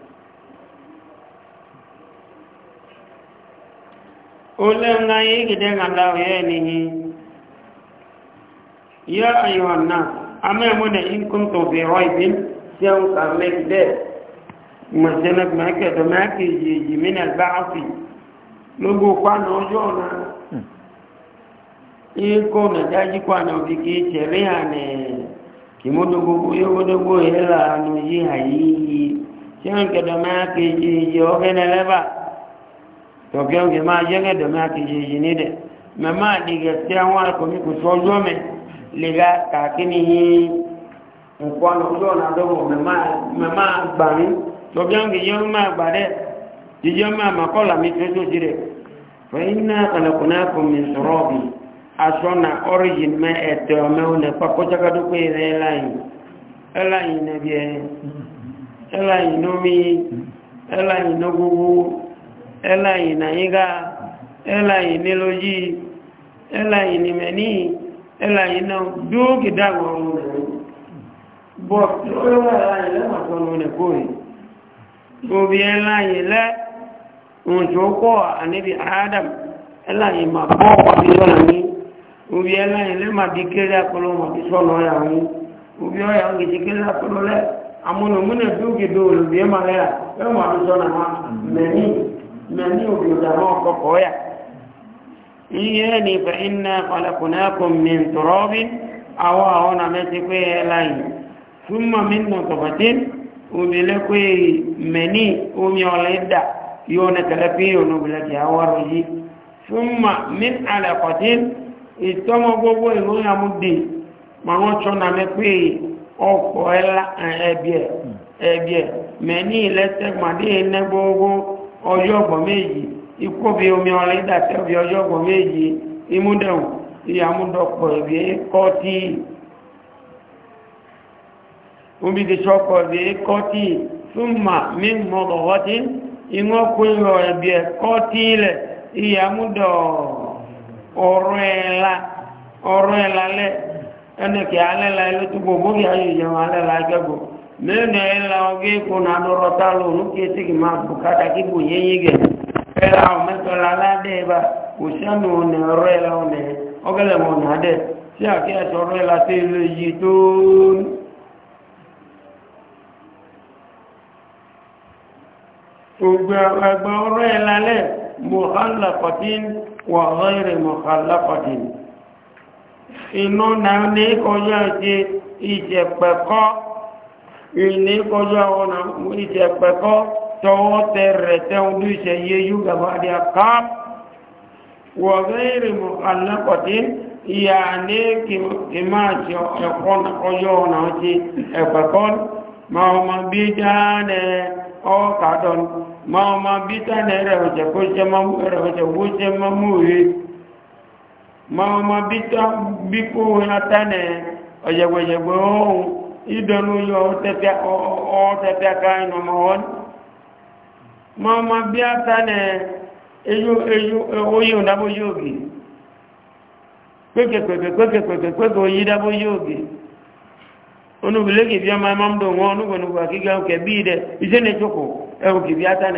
olóòrùn ayé gidẹ́ aláwọ̀ yẹ́ nìyí yá àyíwà náà a mẹ́mọ́ na inkun tó fi rọ ìbí tí ó ń ka mẹ́gbẹ́ mọ̀sẹ́nà mẹ́kẹ̀ẹ́dọ̀ mẹ́kẹ̀ẹ́ yìí mínà bá ń fi lógbó pánà ọjọ́ náà ikó nàdájí pánà òbí kìí tẹ̀rí àná tọ̀kẹ́ oúnjẹ máa jẹ́gẹ́ dọ̀mẹ́ àkejì yìí ní dẹ̀ mẹ́ máa dìgẹ̀ tí àwọn akọ̀mí kò sọ ọjọ́ mẹ́ lè ra kàkíní yìí nǹkan ọjọ́ ọ̀nà àdọ́wọ̀ mẹ́ máa gbà mí tọ̀kẹ́ oúnjẹ yẹn máa gbà dẹ̀ jíjẹ́ máa mà kọ́là mi tó tó tirẹ̀ fẹ́yìn náà kàlẹ́kùnrin akọ̀mí sọ̀rọ̀ ọ̀bì aṣọ na ọ́rìjìn mẹ́ ẹ̀tẹ̀ ọmọ ọ̀nà pàkọ́jákàdúpẹ́ rẹ̀ ẹ̀láyìn ẹ̀láyìn nẹ́bí ẹ̀ ẹ̀láyìn ẹláyìn nàyíká n'ime nílójí ẹláyìn nìmẹ̀ní ẹláyìn náà dúókì dáwọ̀ ọ̀run rẹ̀ bọ́ ohun adam obi le ọ̀yà wọn obi ọ̀yà wọn àmúnà múnà dúókì dóòlù bí ẹ máa lẹ́yà ẹ máa mẹ́ni òbíọ̀dàmọ́ ọkọ̀kọ̀ ọ̀yà iye ni fẹ́ iná kọlẹ̀kùnẹ́kùn mi tọrọ́bí àwọ́ àwọn àmẹ́sí pé ẹláyìn túnmọ̀ mi nà tọ̀bọ̀tí omi lẹ́kọ́ mẹ́ni omi ọ̀lẹ́dà yóò nẹ́kẹ̀lẹ́ pé onúbìlẹ́kì àwọ̀rọ̀ yìí túnmọ̀ mi alẹ́kọ̀tí ìtọ́mọ gbogbo ìlúyàmúdì màwọn tọ́ na mẹ́ pé ọkọ̀ ọjọ́ ọgbọ̀n méjì ikú bí omi ọ̀rẹ́ ìdàtẹ́ bí ọjọ́ ọgbọ̀n méjì imúdẹ̀wò ìyàmúdọ̀pọ̀ ìbí kọ́tí omi ti ṣọ́pọ̀ ìbí kọ́tí súnmà mí mọ́lọ̀wọ́ tí inú ọkùnrin rẹ̀ bí kọ́tí ilẹ̀ ìyàmúdọ̀ ọ̀rọ̀ ẹ̀lá mẹ́rin ẹ̀la ọgẹ́ kò náà lọ́rọ̀ tá lò ní kí etí kì máa bù kátà kí bò yé yé gẹ̀ ẹ̀la ọ̀mẹ́tọ̀lá aládé bá kò sẹ́nu ọ̀nà ọ̀rọ̀ ẹ̀la ọ̀nà ọ̀gẹ́lẹ̀ mọ̀ ọ̀nà adẹ́ tí àkí ẹ̀sọ̀ ọ̀rọ̀ ẹ̀la tó ilé yí tó ọgbà ọ̀rọ̀ ẹ̀la lẹ̀ mọ̀hálàkọ̀tín wà ọ̀rẹ́ mọ̀hálàkọ̀tín inú náà ní kọjá ìjẹ̀pẹ̀kọ́ ìní kọjú àwọn ìṣẹ̀pẹ̀kọ́ tọwọ́ tẹ rẹ̀ tẹ́un ní ìṣẹ̀ yé yúgà bá dí àká wọ̀gẹ́ ìrìnmọ̀ alákọ̀tí ìyà ní kì máa ṣe ẹ̀kọ́ ọjọ́ ọ̀nà ti ẹ̀pẹ̀kọ́ ma ọmọ bí dáadẹ́ ọkàdọ́n ma ọmọ bí tánẹ̀ rẹ̀ ọ̀ṣẹ̀ kó ṣe mọ́mú rẹ̀ ma ọmọ bí kó ohun ìdọ̀nù yọ ọ̀tẹ̀tẹ̀ ká iná ma wọ́n ma ma bí a ta nẹ oyí òdábó yóò gẹ̀ oyí dábó yóò gẹ̀ bí ọmọ ẹmọ́ mọ́ wọn onúgbọ̀nùgbà bí rẹ̀ iṣẹ́ ní ṣòkò ẹwùkì bí a ta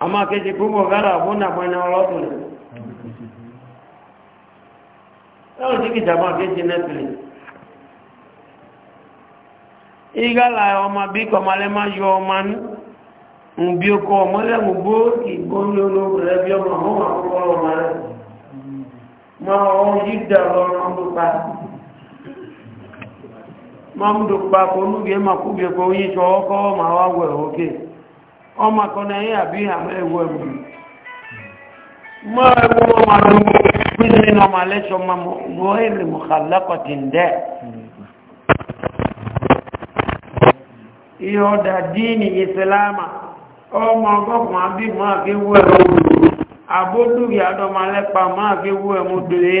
ama keje kubo gara abona mwana olotu ni lọ sí kí jàmá keje netflix igala ọmọ bí kọmalẹ máa yọ ọmọ ní nbí ọkọ ọmọlẹ́mù gbóòkì gbóòlì olóòrùn bí ọmọ ọmọ àkọ́kọ́ ọmọ rẹ máa dà máa ọmọ akọ̀nà yẹ́ àbí àmọ́ ẹwọ ẹ̀wọ̀ mọ́ ẹwọ ọmọ àdúgbò pínlẹ̀ ní ọmọ ma mọ́ ma mọ̀kànlákọ̀tì ń dẹ́ iye ewu díìnì ìsìláàmà ọmọ ọgọ́kùn àbí mọ́ àkéwú ẹ̀wọ̀ àbódúrí àdọ́mọ alẹ́pà mọ́ àkéwú ẹ̀mú dèrè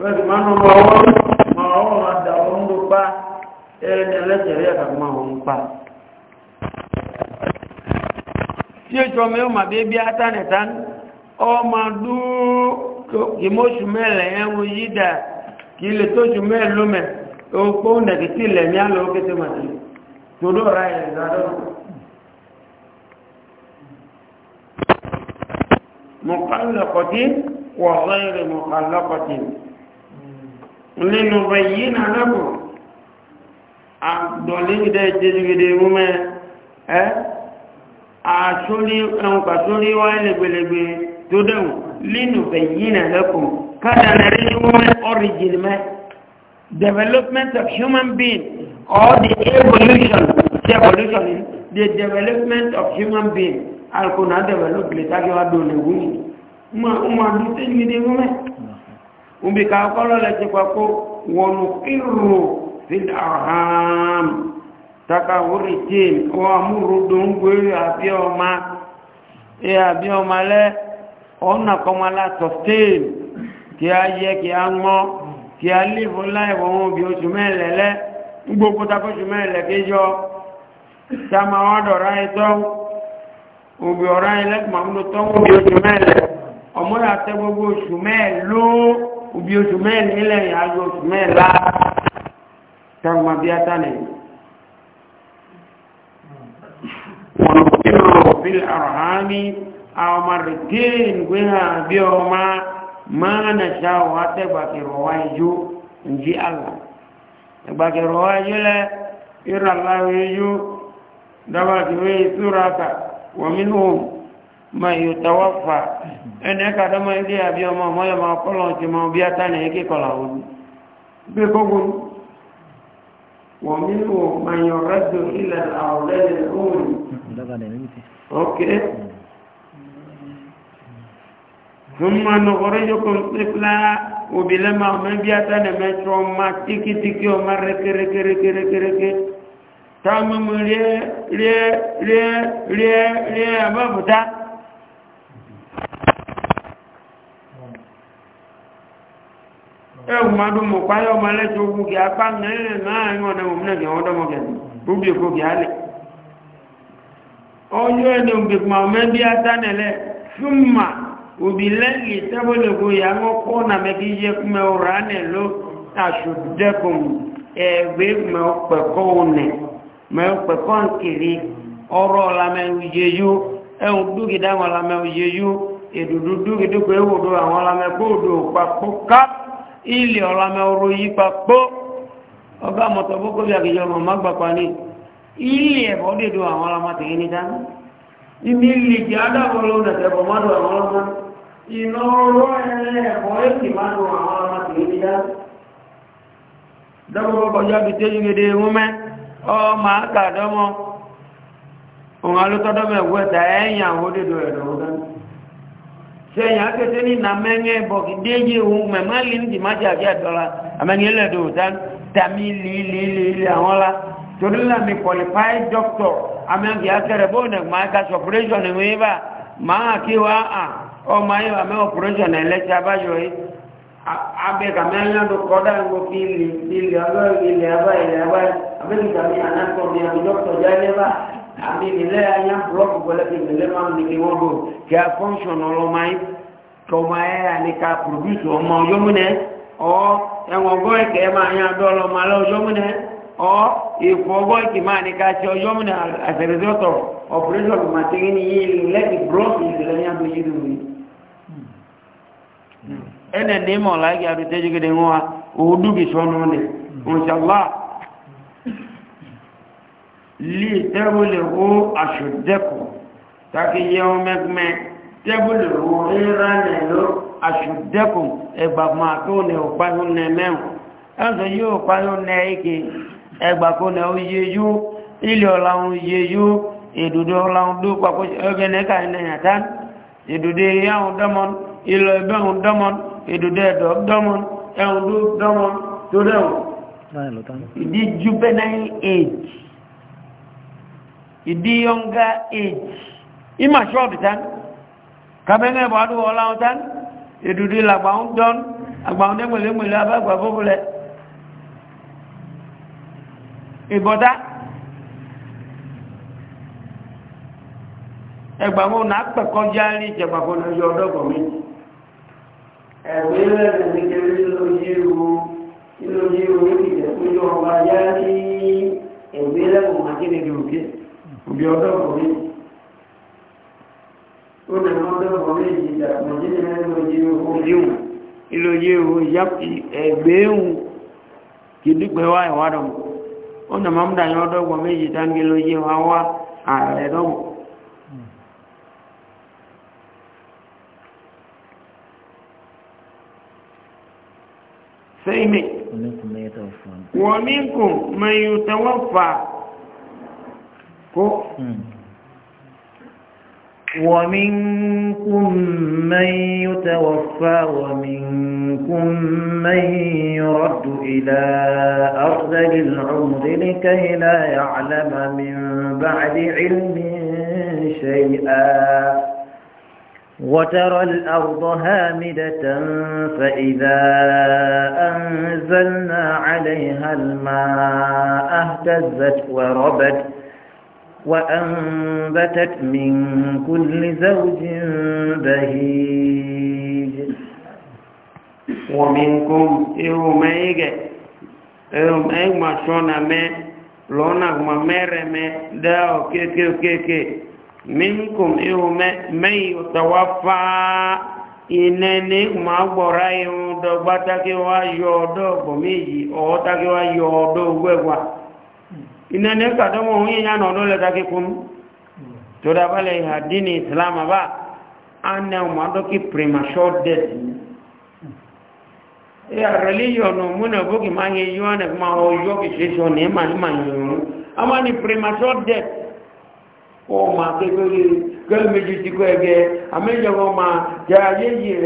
bẹ́ẹ̀ máa ń lọ ọwọ́ máa ọwọ́ máa dà ọ́ ń lò pa ẹni ẹlẹ́jẹ̀rẹ́ ẹ̀ka máa ń pa. tí ètò ọmọ yóò máa bébí átánẹ̀tá ọmọ dúró kì mọ́ oṣù mẹ́lẹ̀ ẹ̀ ń yí dà kì í lè tó oṣù mẹ́lẹ̀ lómẹ̀ òpó nẹ̀kìtì lẹ̀mí àlọ́ kété màtí tòdó ọ̀rá ẹ̀ ìdádọ́. mọ̀kànlọ́kọ̀tì wọ̀ rẹ̀ mọ̀kànlọ́kọ̀tì. لنبين لكم àdọ̀lé ìdẹ́ jẹ́jìgide múmẹ́ ẹ́ àṣórí wá lẹ́gbẹ̀lẹ́gbẹ̀ tó dẹ̀wò lẹ́nu bẹ̀yìn lẹ́kùn kádàlẹ́rí ní múmẹ́ origin mẹ́ development of human being or the evolution the evolution is the development of human being alkùnà develop lè tàbí wá dọ̀lẹ̀gún umbi ka kolo le ti kwako wonu irru fil arham taka o amuru dongwe abioma e abioma le ona koma la sustain ki aye ki ki a live life won bi oṣù melele gbogbo ta oṣù sama obi ora ma nlo to obi oṣù ọmọ gbogbo oṣù ubi oṣù mẹ́rin ilẹ̀ yìí aago oṣù mẹ́rin lá tàgbà bí a tánà yìí. wọn kí ló fi àrùhámi àwọn ọmọ rẹ̀ kéèyàn bí ọmọ máa nà ṣá wà tẹ́gbàkẹ̀rọ̀ wá ijó njí àlà ẹgbàkẹ̀rọ̀ wá ijó lẹ́ ìrànlá ijó dábàkẹ̀rọ̀ ìṣúra ma yóò tọwọ́ fà ẹni ẹka dọ́mọ ilé àbí ọmọ ọmọlẹ̀ ma kọ́lọ̀ ti ma bí átánà ẹkẹ́ kọ̀lá orí bí gbogbo wọ́n nínú ma yọ rẹ́dù ilẹ̀ àwọ̀lẹ́lẹ̀ oòrùn ọkẹ́ súnmọ́ nọ̀kọ́rẹ́ yókùn pípla òbílẹ̀ ma ọmọ bí átánà mẹ́tọ́ ma tíkítíkí ọmọ rẹ̀ táwọn mọ́mọ́ rí ẹ́ rí ẹ́ rí ẹ́ rí ẹ̀hùn máa dún mọ̀ páyọ̀ ọmọ ẹlẹ́tì ogun kì apá mẹ́rin láàrin ọ̀nà òmìnira kì wọ́n dọ́mọ kẹ̀lú rúbì èkó kì á lẹ̀ ọjọ́ ẹni ògbèkùnmọ̀ mẹ́bí atánẹ̀lẹ̀ súnmà òbí lẹ́yìn tẹ́bọ̀lẹ̀kọ̀ yà ń kọ́ nà mẹ́kì yẹ kúmẹ́ ọ̀rọ̀ ánẹ̀ ló àṣùdẹ́kùn ẹ̀gbẹ́ mẹ́ọ̀pẹ̀kọ́ ọ̀nẹ̀ mẹ́ọ̀pẹ̀kọ́ nkiri ọ̀rọ̀ ọ̀làmẹ́wìyẹyú ilẹ̀ ọ̀rọ̀ àmì ọ̀rọ̀ yìí papọ̀ ọgá mọ̀tọ̀ bó kóbi àgbèjọ ọmọ má gbàpá ní ilẹ̀ ẹ̀fọ́ dèdò àwọn ọlọ́mọ tèyí ní dáná ibi ilẹ̀ jẹ́ adábọ̀ ló dẹ̀tẹ̀ bọ̀ mọ́dọ̀ àwọn ọlọ́mọ iná ọrọ̀ ẹ̀fọ́ èkì mọ́dọ̀ àwọn ọlọ́mọ tèyí ní dáná dọ́gbọ́ kọjá bi tẹ́jú gèdè ńwúmẹ́ ọmọ àkàdọ́mọ òun alótọ́dọ́mọ ẹ̀wọ́ ẹ̀ta ẹ̀yìn àwọn dèdò ẹ̀dọ̀ sẹ́yìn akéte ní nàmẹ́ngẹ́ bọ̀kì déjì ohun mẹ̀má lè ní dìmájì àti àtọ́lá àmẹ́ngẹ́ lẹ́dọ̀ òtán tàmí lìlìlìlì àwọn la torí làmì qualified doctor àmẹ́ngẹ́ akẹ́rẹ́ bó nẹ̀ máa ka operation ìwé bá máa kí wá à ọmọ ayé wa mẹ́ operation ẹlẹ́tì abájọ yìí abẹ́ kàmẹ́ ẹ̀yọ́dún kọ́dá ńgò kí ilẹ̀ ilẹ̀ abáyé ilẹ̀ abáyé abẹ́kìtàmí anatomy àti doctor jẹ́ àmì ìlẹ̀ ayá búrọ́kù pẹ̀lẹ́pẹ̀ ìlẹ̀ máa ń ní kí wọ́n lò kí a fọ́nṣọ̀n ọlọ́mọ yìí kọ ma ẹ́ àníkà pòròdúsù ọmọ ọjọ́ múnẹ́ ọ ẹ̀wọ̀n ọgọ́ ẹ̀kẹ́ máa yá dọ́ ọlọ́mọ alẹ́ ọjọ́ múnẹ́ ọ ìfọ̀ ọgọ́ ẹ̀kẹ́ máa níka ṣe ọjọ́ múnẹ́ àtẹ̀rẹ̀dọ́tọ̀ ọ̀pẹ̀rẹ̀dọ̀ màtírí ni yí lẹ́bi búrọ́kù ìlẹ̀ ayá bó ṣe dùn mí. Hmm. ẹnẹ̀ ní mọ̀ لتبلغوا أشدكم تاكي يومك ما تبلغوا إيران له أشدكم إبا ما كون يوقعون نمو أنت يوقعون نايكي إبا كون يجيجو إلي أولاون يجيجو إدودو أولاون دو باكوش أغنكا إنياتان إدودو يهون دمون إلو إبهون دمون إدودو إدوب دمون ẹ̀hùn dó dánwọ́n tó rẹ̀wọ̀n ìdíjú penal age ìdí younger age ima short tan kabẹ́ngẹ́ bọ̀ adúgbò ọláhun tan èdùdí làgbàun dán àgbàun dẹ́gbẹ̀lẹ́gbẹ̀lẹ́ abẹ́gbà fófúlẹ̀ ìbọ̀dá ẹgbàmọ́ náà pẹ̀kọ́já rí ìjẹgbàkọ́ náà yọ ọdọ́gbọ̀ mi ẹ̀gbẹ́ lẹ́rìn ní kẹrì lójí ìrù ìlójí ìrù ìjẹ̀kú yọ ọba yá sí ẹ̀gbẹ́ lẹ́rìn màkínlẹ̀ òkè òbí ọdọ́ ọ̀bí ó nà ọdọ́ ọ̀bí ìjìdà nàìjíríà lóye ohun ìlòye ohun ẹgbẹ́ ohun kìdúgbẹ́ wá ìwádọ̀ ó nà máa ń dàyàn ọdọ́ ọgbọ̀n méjì táńgé lóye wá wá ààrẹ dọ́gbọ̀n sẹ́yìn mi wọ́n mínkù mẹ́yù tẹ́wọ́ fà ومنكم من يتوفى ومنكم من يرد إلى أرض العمر لكي لا يعلم من بعد علم شيئا وترى الأرض هامدة فإذا أنزلنا عليها الماء اهتزت وربت وأنبتت من كل زوج بهيج ومنكم يومئك يومئك ما شونا مي لونك ما ميري مي داو كي كي كي كي منكم يومئ من يتوفى iná ní ma gbọ́ra irun dọ̀gbá yọ ọdọ́ ọgbọ̀ méjì ọ̀ọ́ tákíwá yọ ọdọ́ ina ne ka domo hunye nya no dole take kun to da bale ha dini islam ba anne ki premature death ya e religion no muna bogi ma ye yone ma o yo ki se ne ma ma yo ama premature death o ma ko ri ege ame je ma ja ye ji e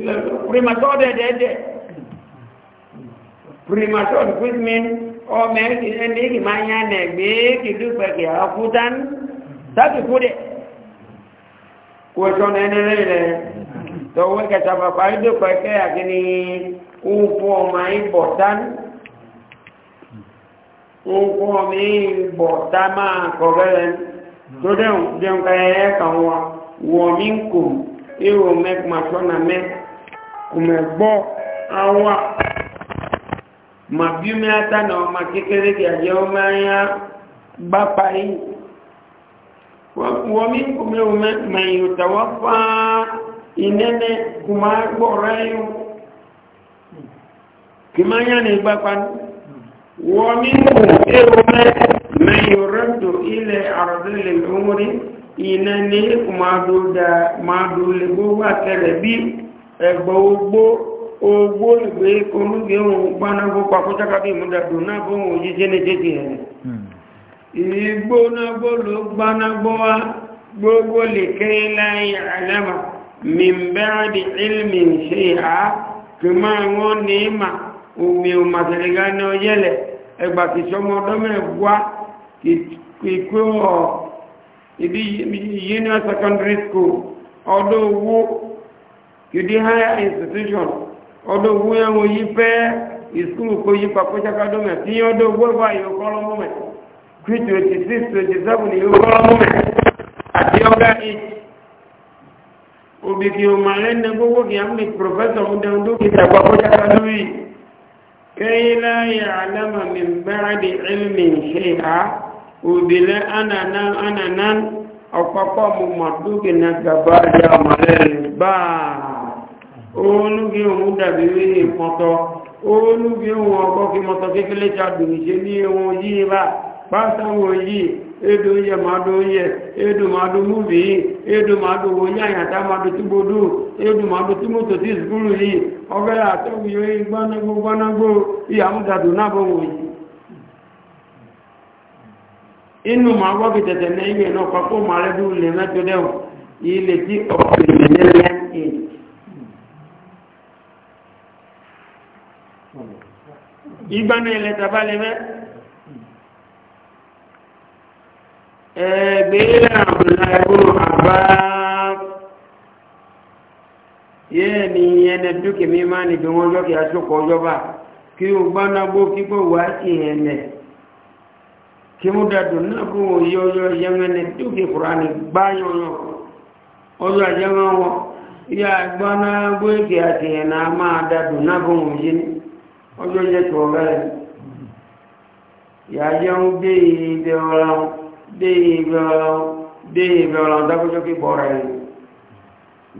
le primatol kwismin ọmọ ẹni kì máa yá nẹ̀ gbé kì dúpẹ̀kì àkútán tàbí kúrẹ̀ kòtò nẹ́nẹ́rẹ́ rẹ̀ tọwọ́ kẹtàfà parí akini, àkíní ńkú ọmọ ìbọ̀tán ńkú ọmọ ìbọ̀tá máa kọ̀gẹ́rẹ́ tó dẹ̀un kẹrẹ kan wa wọ̀ mí kò èrò mẹ́kùnmá tọ́nà mẹ́kùnmẹ́gbọ́ àwọn ma bí omi ata na ọmọ kékeré kí àjẹ́ ọmọ ayá bá parí wọ́n mi kúmẹ́ omi mẹ́yìn òtàwọ́ fáá ìnẹ́nẹ́ kò máa gbọ́ ráyọ kì máa yá ní ìgbà pa wọ́n mi kúmẹ́ omi mẹ́yìn rẹ́dọ̀ ilẹ̀ àrọ̀dẹ́lẹ̀ lórí ìnẹ́nẹ́ kò máa dúró gbogbo àtẹ́rẹ̀ bí ẹgbọ́ gbogbo ogbo ìgbé olúgbé ohun gbanágbó pàkútákàbí ìmúdàdùn náà bó ohun òjíṣẹ́ ní jẹ́jì ẹ̀ hmm. ìgbónágbó ló gbanágbó wá gbogbo lè kéré láyé àlẹ́mà mìíràdì ilmi ṣe à kì máa wọ́n ní ìmà omi ní ọjẹ́lẹ̀ ọdún owó ìdí higher institution ọdọ owó ẹwọn yìí pẹ ìskúlù kó yí papọ̀ jákàdọ́ mẹ́ tí ọdọ owó ẹwà yóò kọ́lọ́mù mẹ́ three twenty six twenty seven yóò kọ́lọ́mù mẹ́ àti ọgá eight òbí kì í ọmọ alẹ́ ní gbogbo kì í àmì pòfẹ́sọ̀ mú dẹ́hùn dókítà papọ̀ jákàdọ́ yìí kẹ́yìn láyé àlámà mi bẹ́rẹ̀ di ẹ̀mí ṣe á òbí lẹ́ ànàná ànàná ọ̀pọ̀pọ̀ mu màdúkì náà gàbá yà ọmọ alẹ́ rẹ̀ báà. olúgbé òun dàbí wíyé mọ́tọ́ olúgbé òun ọkọ́ kí mọ́tọ́ kékeré ṣàdùnì ṣe ní ohun yìí bá pásánwò yìí edo yẹ màdó yẹ edo màdó múbi edo màdó wòye àyàtá màdó túbodó edo màdó túmọ̀tò tí sùkúrù yìí ọgbẹ́lá àtọ́wò yóò gbánágbó gbánágbó náà ma gbọ́ tẹ̀tẹ̀ ní náà lè ìgbàna ilẹ̀ tàbá lè mẹ́ ẹgbẹ̀rẹ̀ àbúlá ẹgbùn àbá yẹ́ ni ẹnẹ dúkẹ̀ mi máa nìbí wọn lọ́kì àṣọ́kọ̀ ọjọ́bà kí o gbá náà kíkọ́ wà sí ẹ̀nẹ̀ kí mú dàdùn náà kó yọ́yọ́ yẹ́mẹ́nẹ kùránì ọjọ́ yà gbá àti ẹ̀nà máa dàdùn náà ọjọ́ jẹ́ tó ọ̀gáyẹ̀ ìyájẹ́ ń dé ìbẹ̀ ọ̀rán dé ìbẹ̀ ọ̀rán dé ìbẹ̀ ọ̀rán dákọjọ́ kí bọ̀ rẹ̀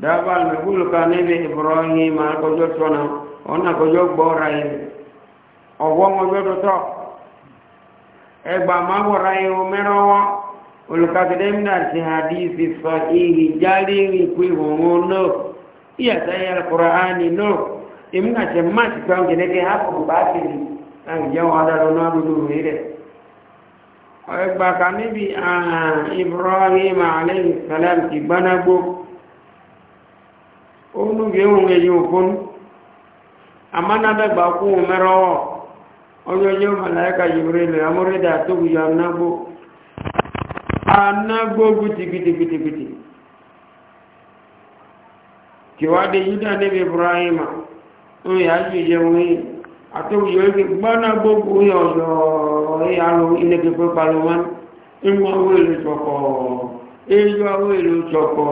dábà mẹ́gbùlùká níbi ìbọ̀rọ̀ yìí ma kọjọ́ tọ́nà ọ̀nà kọjọ́ gbọ́ rẹ̀ ọgbọ́n ọjọ́ tó tọ́ ẹgbà máa wọ̀ rẹ̀ ihò mẹ́rán wọ́n olùkà ti dẹ́ èmi náà jẹ máa ti gbáwọn gẹ̀ẹ́gẹ́ ápùpù bá kìí àìjẹun adára náà dúdú rí rẹ̀ ọgbà kan níbi ààrùn ibrahim alayhi salam ti gbanágbó ó núgbé ohun èyí òkun amánádàgbà kú mẹ́rọ́wọ́ ọjọ́jọ́ màláíkà jibril amúrídà tó gbùyọ anágbó anágbó gbìtìgbìtìgbìtì kìwádìí yúdà níbi ibrahim orí àjíjẹ orí àtòwòyọ ike gbọ́nà gbogbo ọ̀yọ̀ ìyàrùn ilẹ̀kẹ̀ pẹ́pàlọ wọn ìwọ̀n owó èlò ìtọ̀kọ̀ èyí owó èlò ìtọ̀kọ̀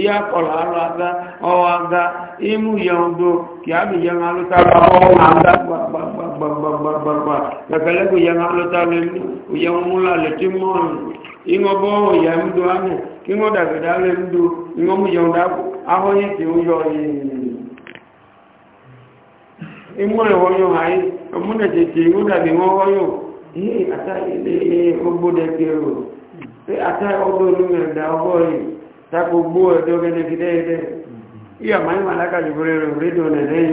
ìyàkọ̀lá àrọ̀ àgá ọwọ́ àgá ìmú ìyàndó kí àbìyẹ máa ló tá bá ọwọ́ àgá gbàgbàgbàgbàgbà kẹkẹlẹ́gbẹ̀ yẹ máa ló tá lè mú òyẹ múlá lè tí mọ́ọ̀nù ìwọ̀bọ̀ ìyàmúdó ánì kí wọ́n dàgbẹ̀dá lè mú ìwọ̀mú ìyàndá ahọ́yẹ̀ tí ó yọ ìyẹn imú ẹ̀wọ́yún ayé ọmúnẹ̀tẹ̀tẹ̀ ìwú dàbí wọ́n wọ́yún ní àtà ilé ogbódẹ́gbẹ̀rò pé àtà ọdún olúmẹ̀ẹ̀dà ọgọ́rin tako gbó ẹ̀dọ́ gẹ́gẹ́gẹ́dẹ́ ìyà máa ń wà lákàjùkúrẹ́ rẹ̀ rédíò nẹ̀lẹ́yìn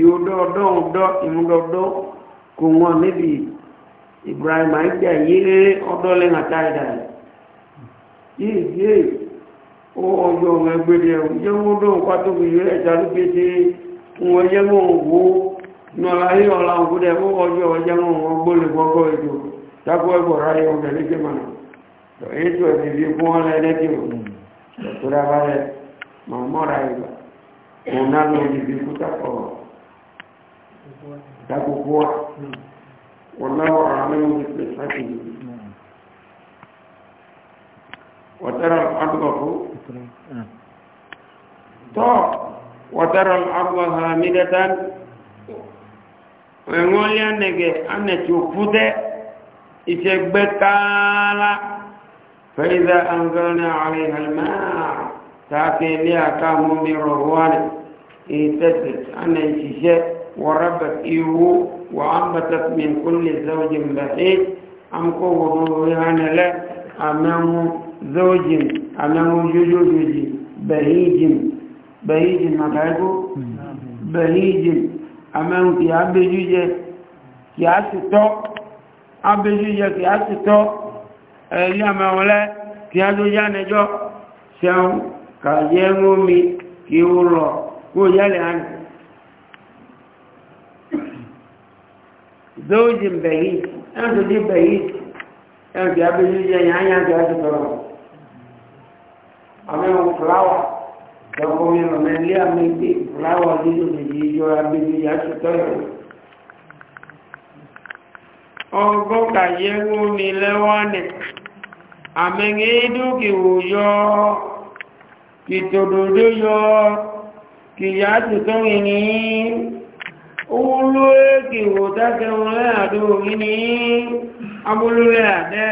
ìwòdó ọdọ́ ọdọ́ ìmúdọ́dọ́ kò wọ́n níbi ibrahim àìgbà yéré ọdọ́ lẹ́nà táìdà yìí yìí ó ọjọ́ ọmọ ẹgbẹ́ rẹ̀ yẹ́wọ́dọ́ nǹkan tó fi yẹ ẹ̀ta ló gbé wọ́n jẹ́ mọ́ òwú nọ́lá yí ọ̀la òkúdẹ̀ fún ọjọ́ ọjọ́ mọ́ wọn gbólè gbọ́gọ́ ètò dákọ́ ẹgbọ̀ ráyẹ ọgbẹ̀ ní kí mọ̀nà ètò ẹ̀sìn fi fún wọn lẹ́lẹ́ tí ò tó dábá rẹ̀ mà mọ́ra ìgbà òun náà ló ti fi kúta kọ̀ dákòókò wa wọn náà tọ́ وترى الأرض هامدة ويقول أنك أن تشوفت إشبك على فإذا أنزلنا عليها الماء تاكي لها كامو من رهوان إيتست أن إشيشة وربت إيوه وأنبتت من كل زوج بحيث أمكو وضوها لا أمام زوج أمام جوجو بهيج bẹ̀yíjìn màkàíkó bẹ̀yíjìn àmẹ́hùn kì á béjú jẹ kì á sì tọ́ á béjú jẹ kì á sì tọ́ ẹ̀lí àmẹ́hùn lẹ́ kì á tó yánẹjọ́ ṣẹun kàyẹ́ ń omi kí ó rọ̀ kó yẹ́lẹ̀ hàn zojin bẹ̀yí ẹn tó dé bẹ̀yí ẹn kì á béjú fúláwà lọ́kọ́ mi màmá ilé àmì ìgbé láwọ̀ nínú ìdí ìjọra bíbí àtúntọ́ yẹn. ọgọ́ta yẹ́wó mi lẹ́wọ́nẹ̀ àmẹ́gẹ́ dúkìwò yọ kìtòdòdó yọ kìyà àtúntọ́ yìí ní owó kìwò dákẹ́wọ́n lẹ́àdó yìí ní abúlúlẹ̀ àdẹ́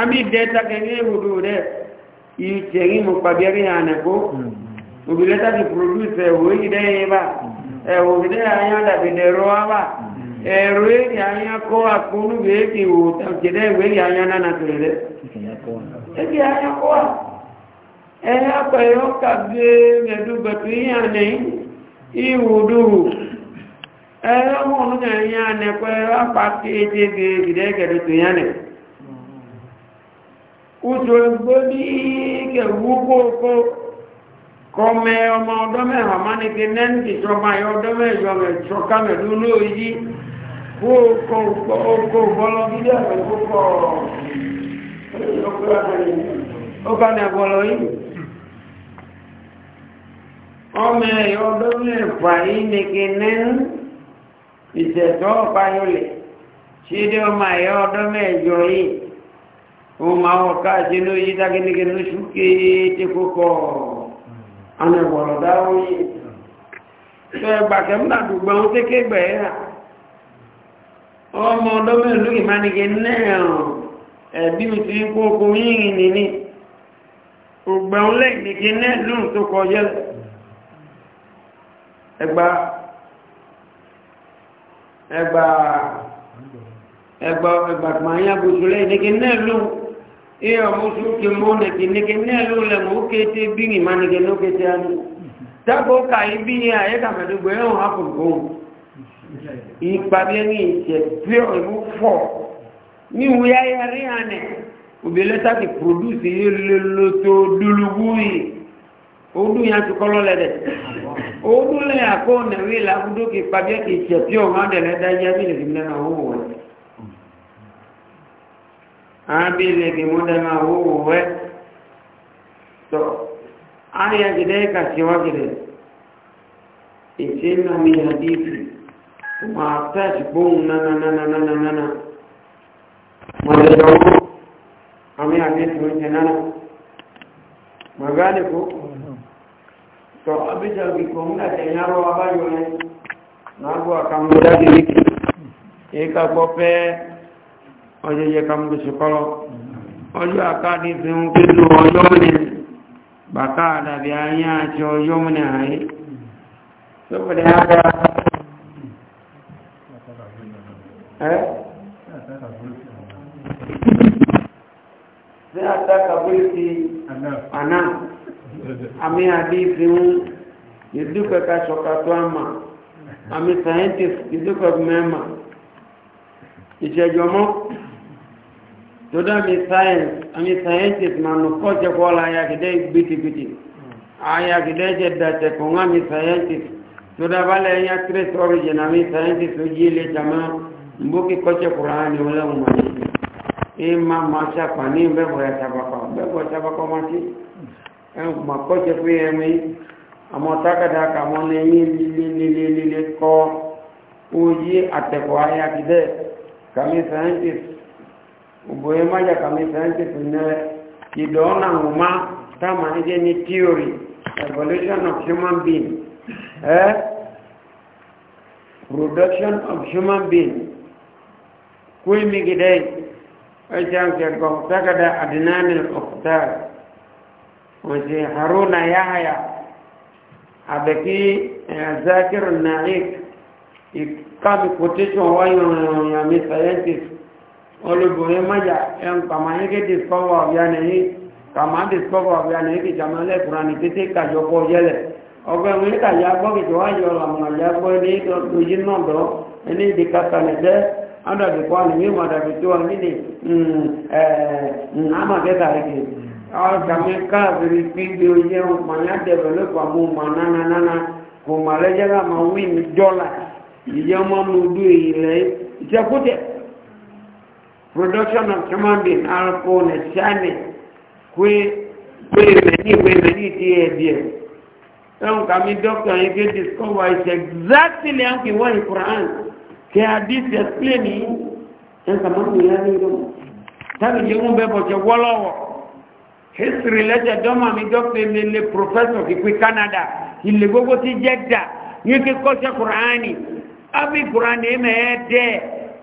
àbí ìdẹ́takẹ́ ní ìwòdó rẹ̀. ìtẹ̀rí mo pàbẹ̀rí ànàkó òbílẹ́ta ti produce ẹ̀wọ̀ ìdẹ́ ẹ̀bá ẹ̀wọ̀ ìdẹ́ àyán dàbìdẹ̀ ẹ̀rọ àbá ẹ̀rọ èdè àyán kọ́ àkónúbẹ̀ èdè ìwò tàbíkẹ̀dẹ́ ìwé èdè àyán nánà tó rẹ̀ èdè àyán ya ujo gbodi ke wugo ko kọmẹ ọmọ ọdọ mẹwàá mánike nẹńtì sọba yọ ọdọ mẹjọ mẹ sọka mẹdún lóyí kó kó bọlọ gidi àgbẹ kó kọ ó ká ní agbọlọ yìí ọmọ ẹyọ ọdọ mẹfà yìí nike nẹń ìṣẹtọ ọba yọlẹ ṣídẹ ọmọ ẹyọ ọdọ yìí umao kazi no yitake nike nushuke tekuko ane woro dawo so ba ke mna du gba on teke gbe ya omo do me lu ki mani ke ne o e bi mi ti ko ko yin ni ni o gba on le ni ke ne lu to ko je egba egba egba egba ma ya bu sule ni ke ne lu iya musu oh, ke mo ne ki ne ke ne lu le mo ke te bi ni ma ne ke no ke te ani ta ko ka i bi ni aye ka me du gbe on hapu go i pa bi ni se pe o mo fo ni wu ya ya ri ane o be le ta ki produce ye le lo to dulugu yi o du ya tu kolo le de o du le akone wi la ku do ki pa bi ki se pe o ma de le da abile ki muda na uwe to aya kideka kiwa kide isina mi hadithi kuma tati bung na na na na na na na na mwadajo kami hadithi mwenye nana magani ku to abija kikomna tenyaro abayo ne nagwa kamudadi hiki ikakope ọjọ́ yẹ ká mú ṣùkọ́lọ́ ọjọ́ àkáàdì fi ń pínlú ọjọ́ mìí bàká àdàbí ayé àti ọjọ́ mìí àyè lókùnrin àgbà ẹ́ sí àtàkàbílìkì àná àmì àbí fi ń ìdúkẹ́ka ṣọ̀kàtọ́ àmà àmì scientist ìdúkẹ́ mẹ́mà ìṣẹ́jọmọ́ todo ami science ami scientist manukoche kola ya kidai biti biti hmm. aya kidai jedda te konga mi scientist todo vale ya trace origin ami scientist ujile chama hmm. mbuki koche qurani wala umani e pani ya en ko atekwa hmm. e kami scientist uboye maja kama scientist ne kidoona nguma kama nije ni theory evolution of human being eh production of human being kuy mi gidey ajang ke gom tagada adnanil uqtar وزي haruna يحيى abeki eh, zakir naik ikami quotation wayo ya mi scientist olùbùnrin mọ́jà ẹnkàmà ní kí discover of ya ní kàmà discover of ya ní kí jama lẹ́kùnrin ní títí kàjọpọ̀ yẹlẹ̀ ọgbẹ́ wọn ní kàjá gbọ́ kìtì wá yọ ọ̀làmù ọ̀yà gbọ́ ní ìdójú náà dọ́ ẹni ìdí kàkà ní dẹ́ ádàbí kọ́ ní mímọ́ àdàbí tó wọn nílé ẹ̀ ẹ̀ mm, nàmà kẹta rẹ̀ ọ̀sàmì káàbìrì pí bí o yẹ wọn pààyà dẹ̀bẹ̀lẹ́kọ̀ọ́ mú ma nánánáná production of human being are called shani kwe kwe many kwe many tbs so kami doctor you get discover is exactly anki wa in quran ke hadith explain ni en kama ni ya ni do tabi je ngombe bo je wolowo history leje doma mi doctor mi le professor ki kwe canada ile gogo ti jedda ni ke ko se qurani abi qurani me de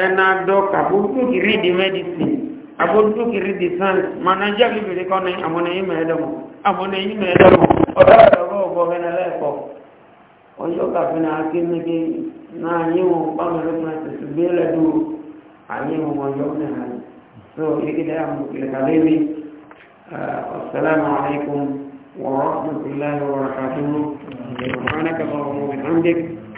ẹna dọ́kà àbúrúkú kì rí di medicine àbúrúkú kì rí di science manager bíbèrè kọ́ ní àwọn ẹ̀yìn mẹ́ẹ̀dọ́mọ̀ àwọn ẹ̀yìn mẹ́ẹ̀dọ́mọ̀ ọ̀dọ́ àdọ́gbọ́ ọ̀bọ̀ mẹ́rin lẹ́ẹ̀kọ́ ọjọ́ kàfin àáké méje náà yíwọ̀n pàmẹ́rẹ́ francis gbé lẹ́dù àyíwọ̀n ọjọ́ mẹ́rin so ìgbéde àmọ̀kìlẹ̀kàlẹ́bí uh, assalamu alaikum wa rahmatullahi wa barakatuhu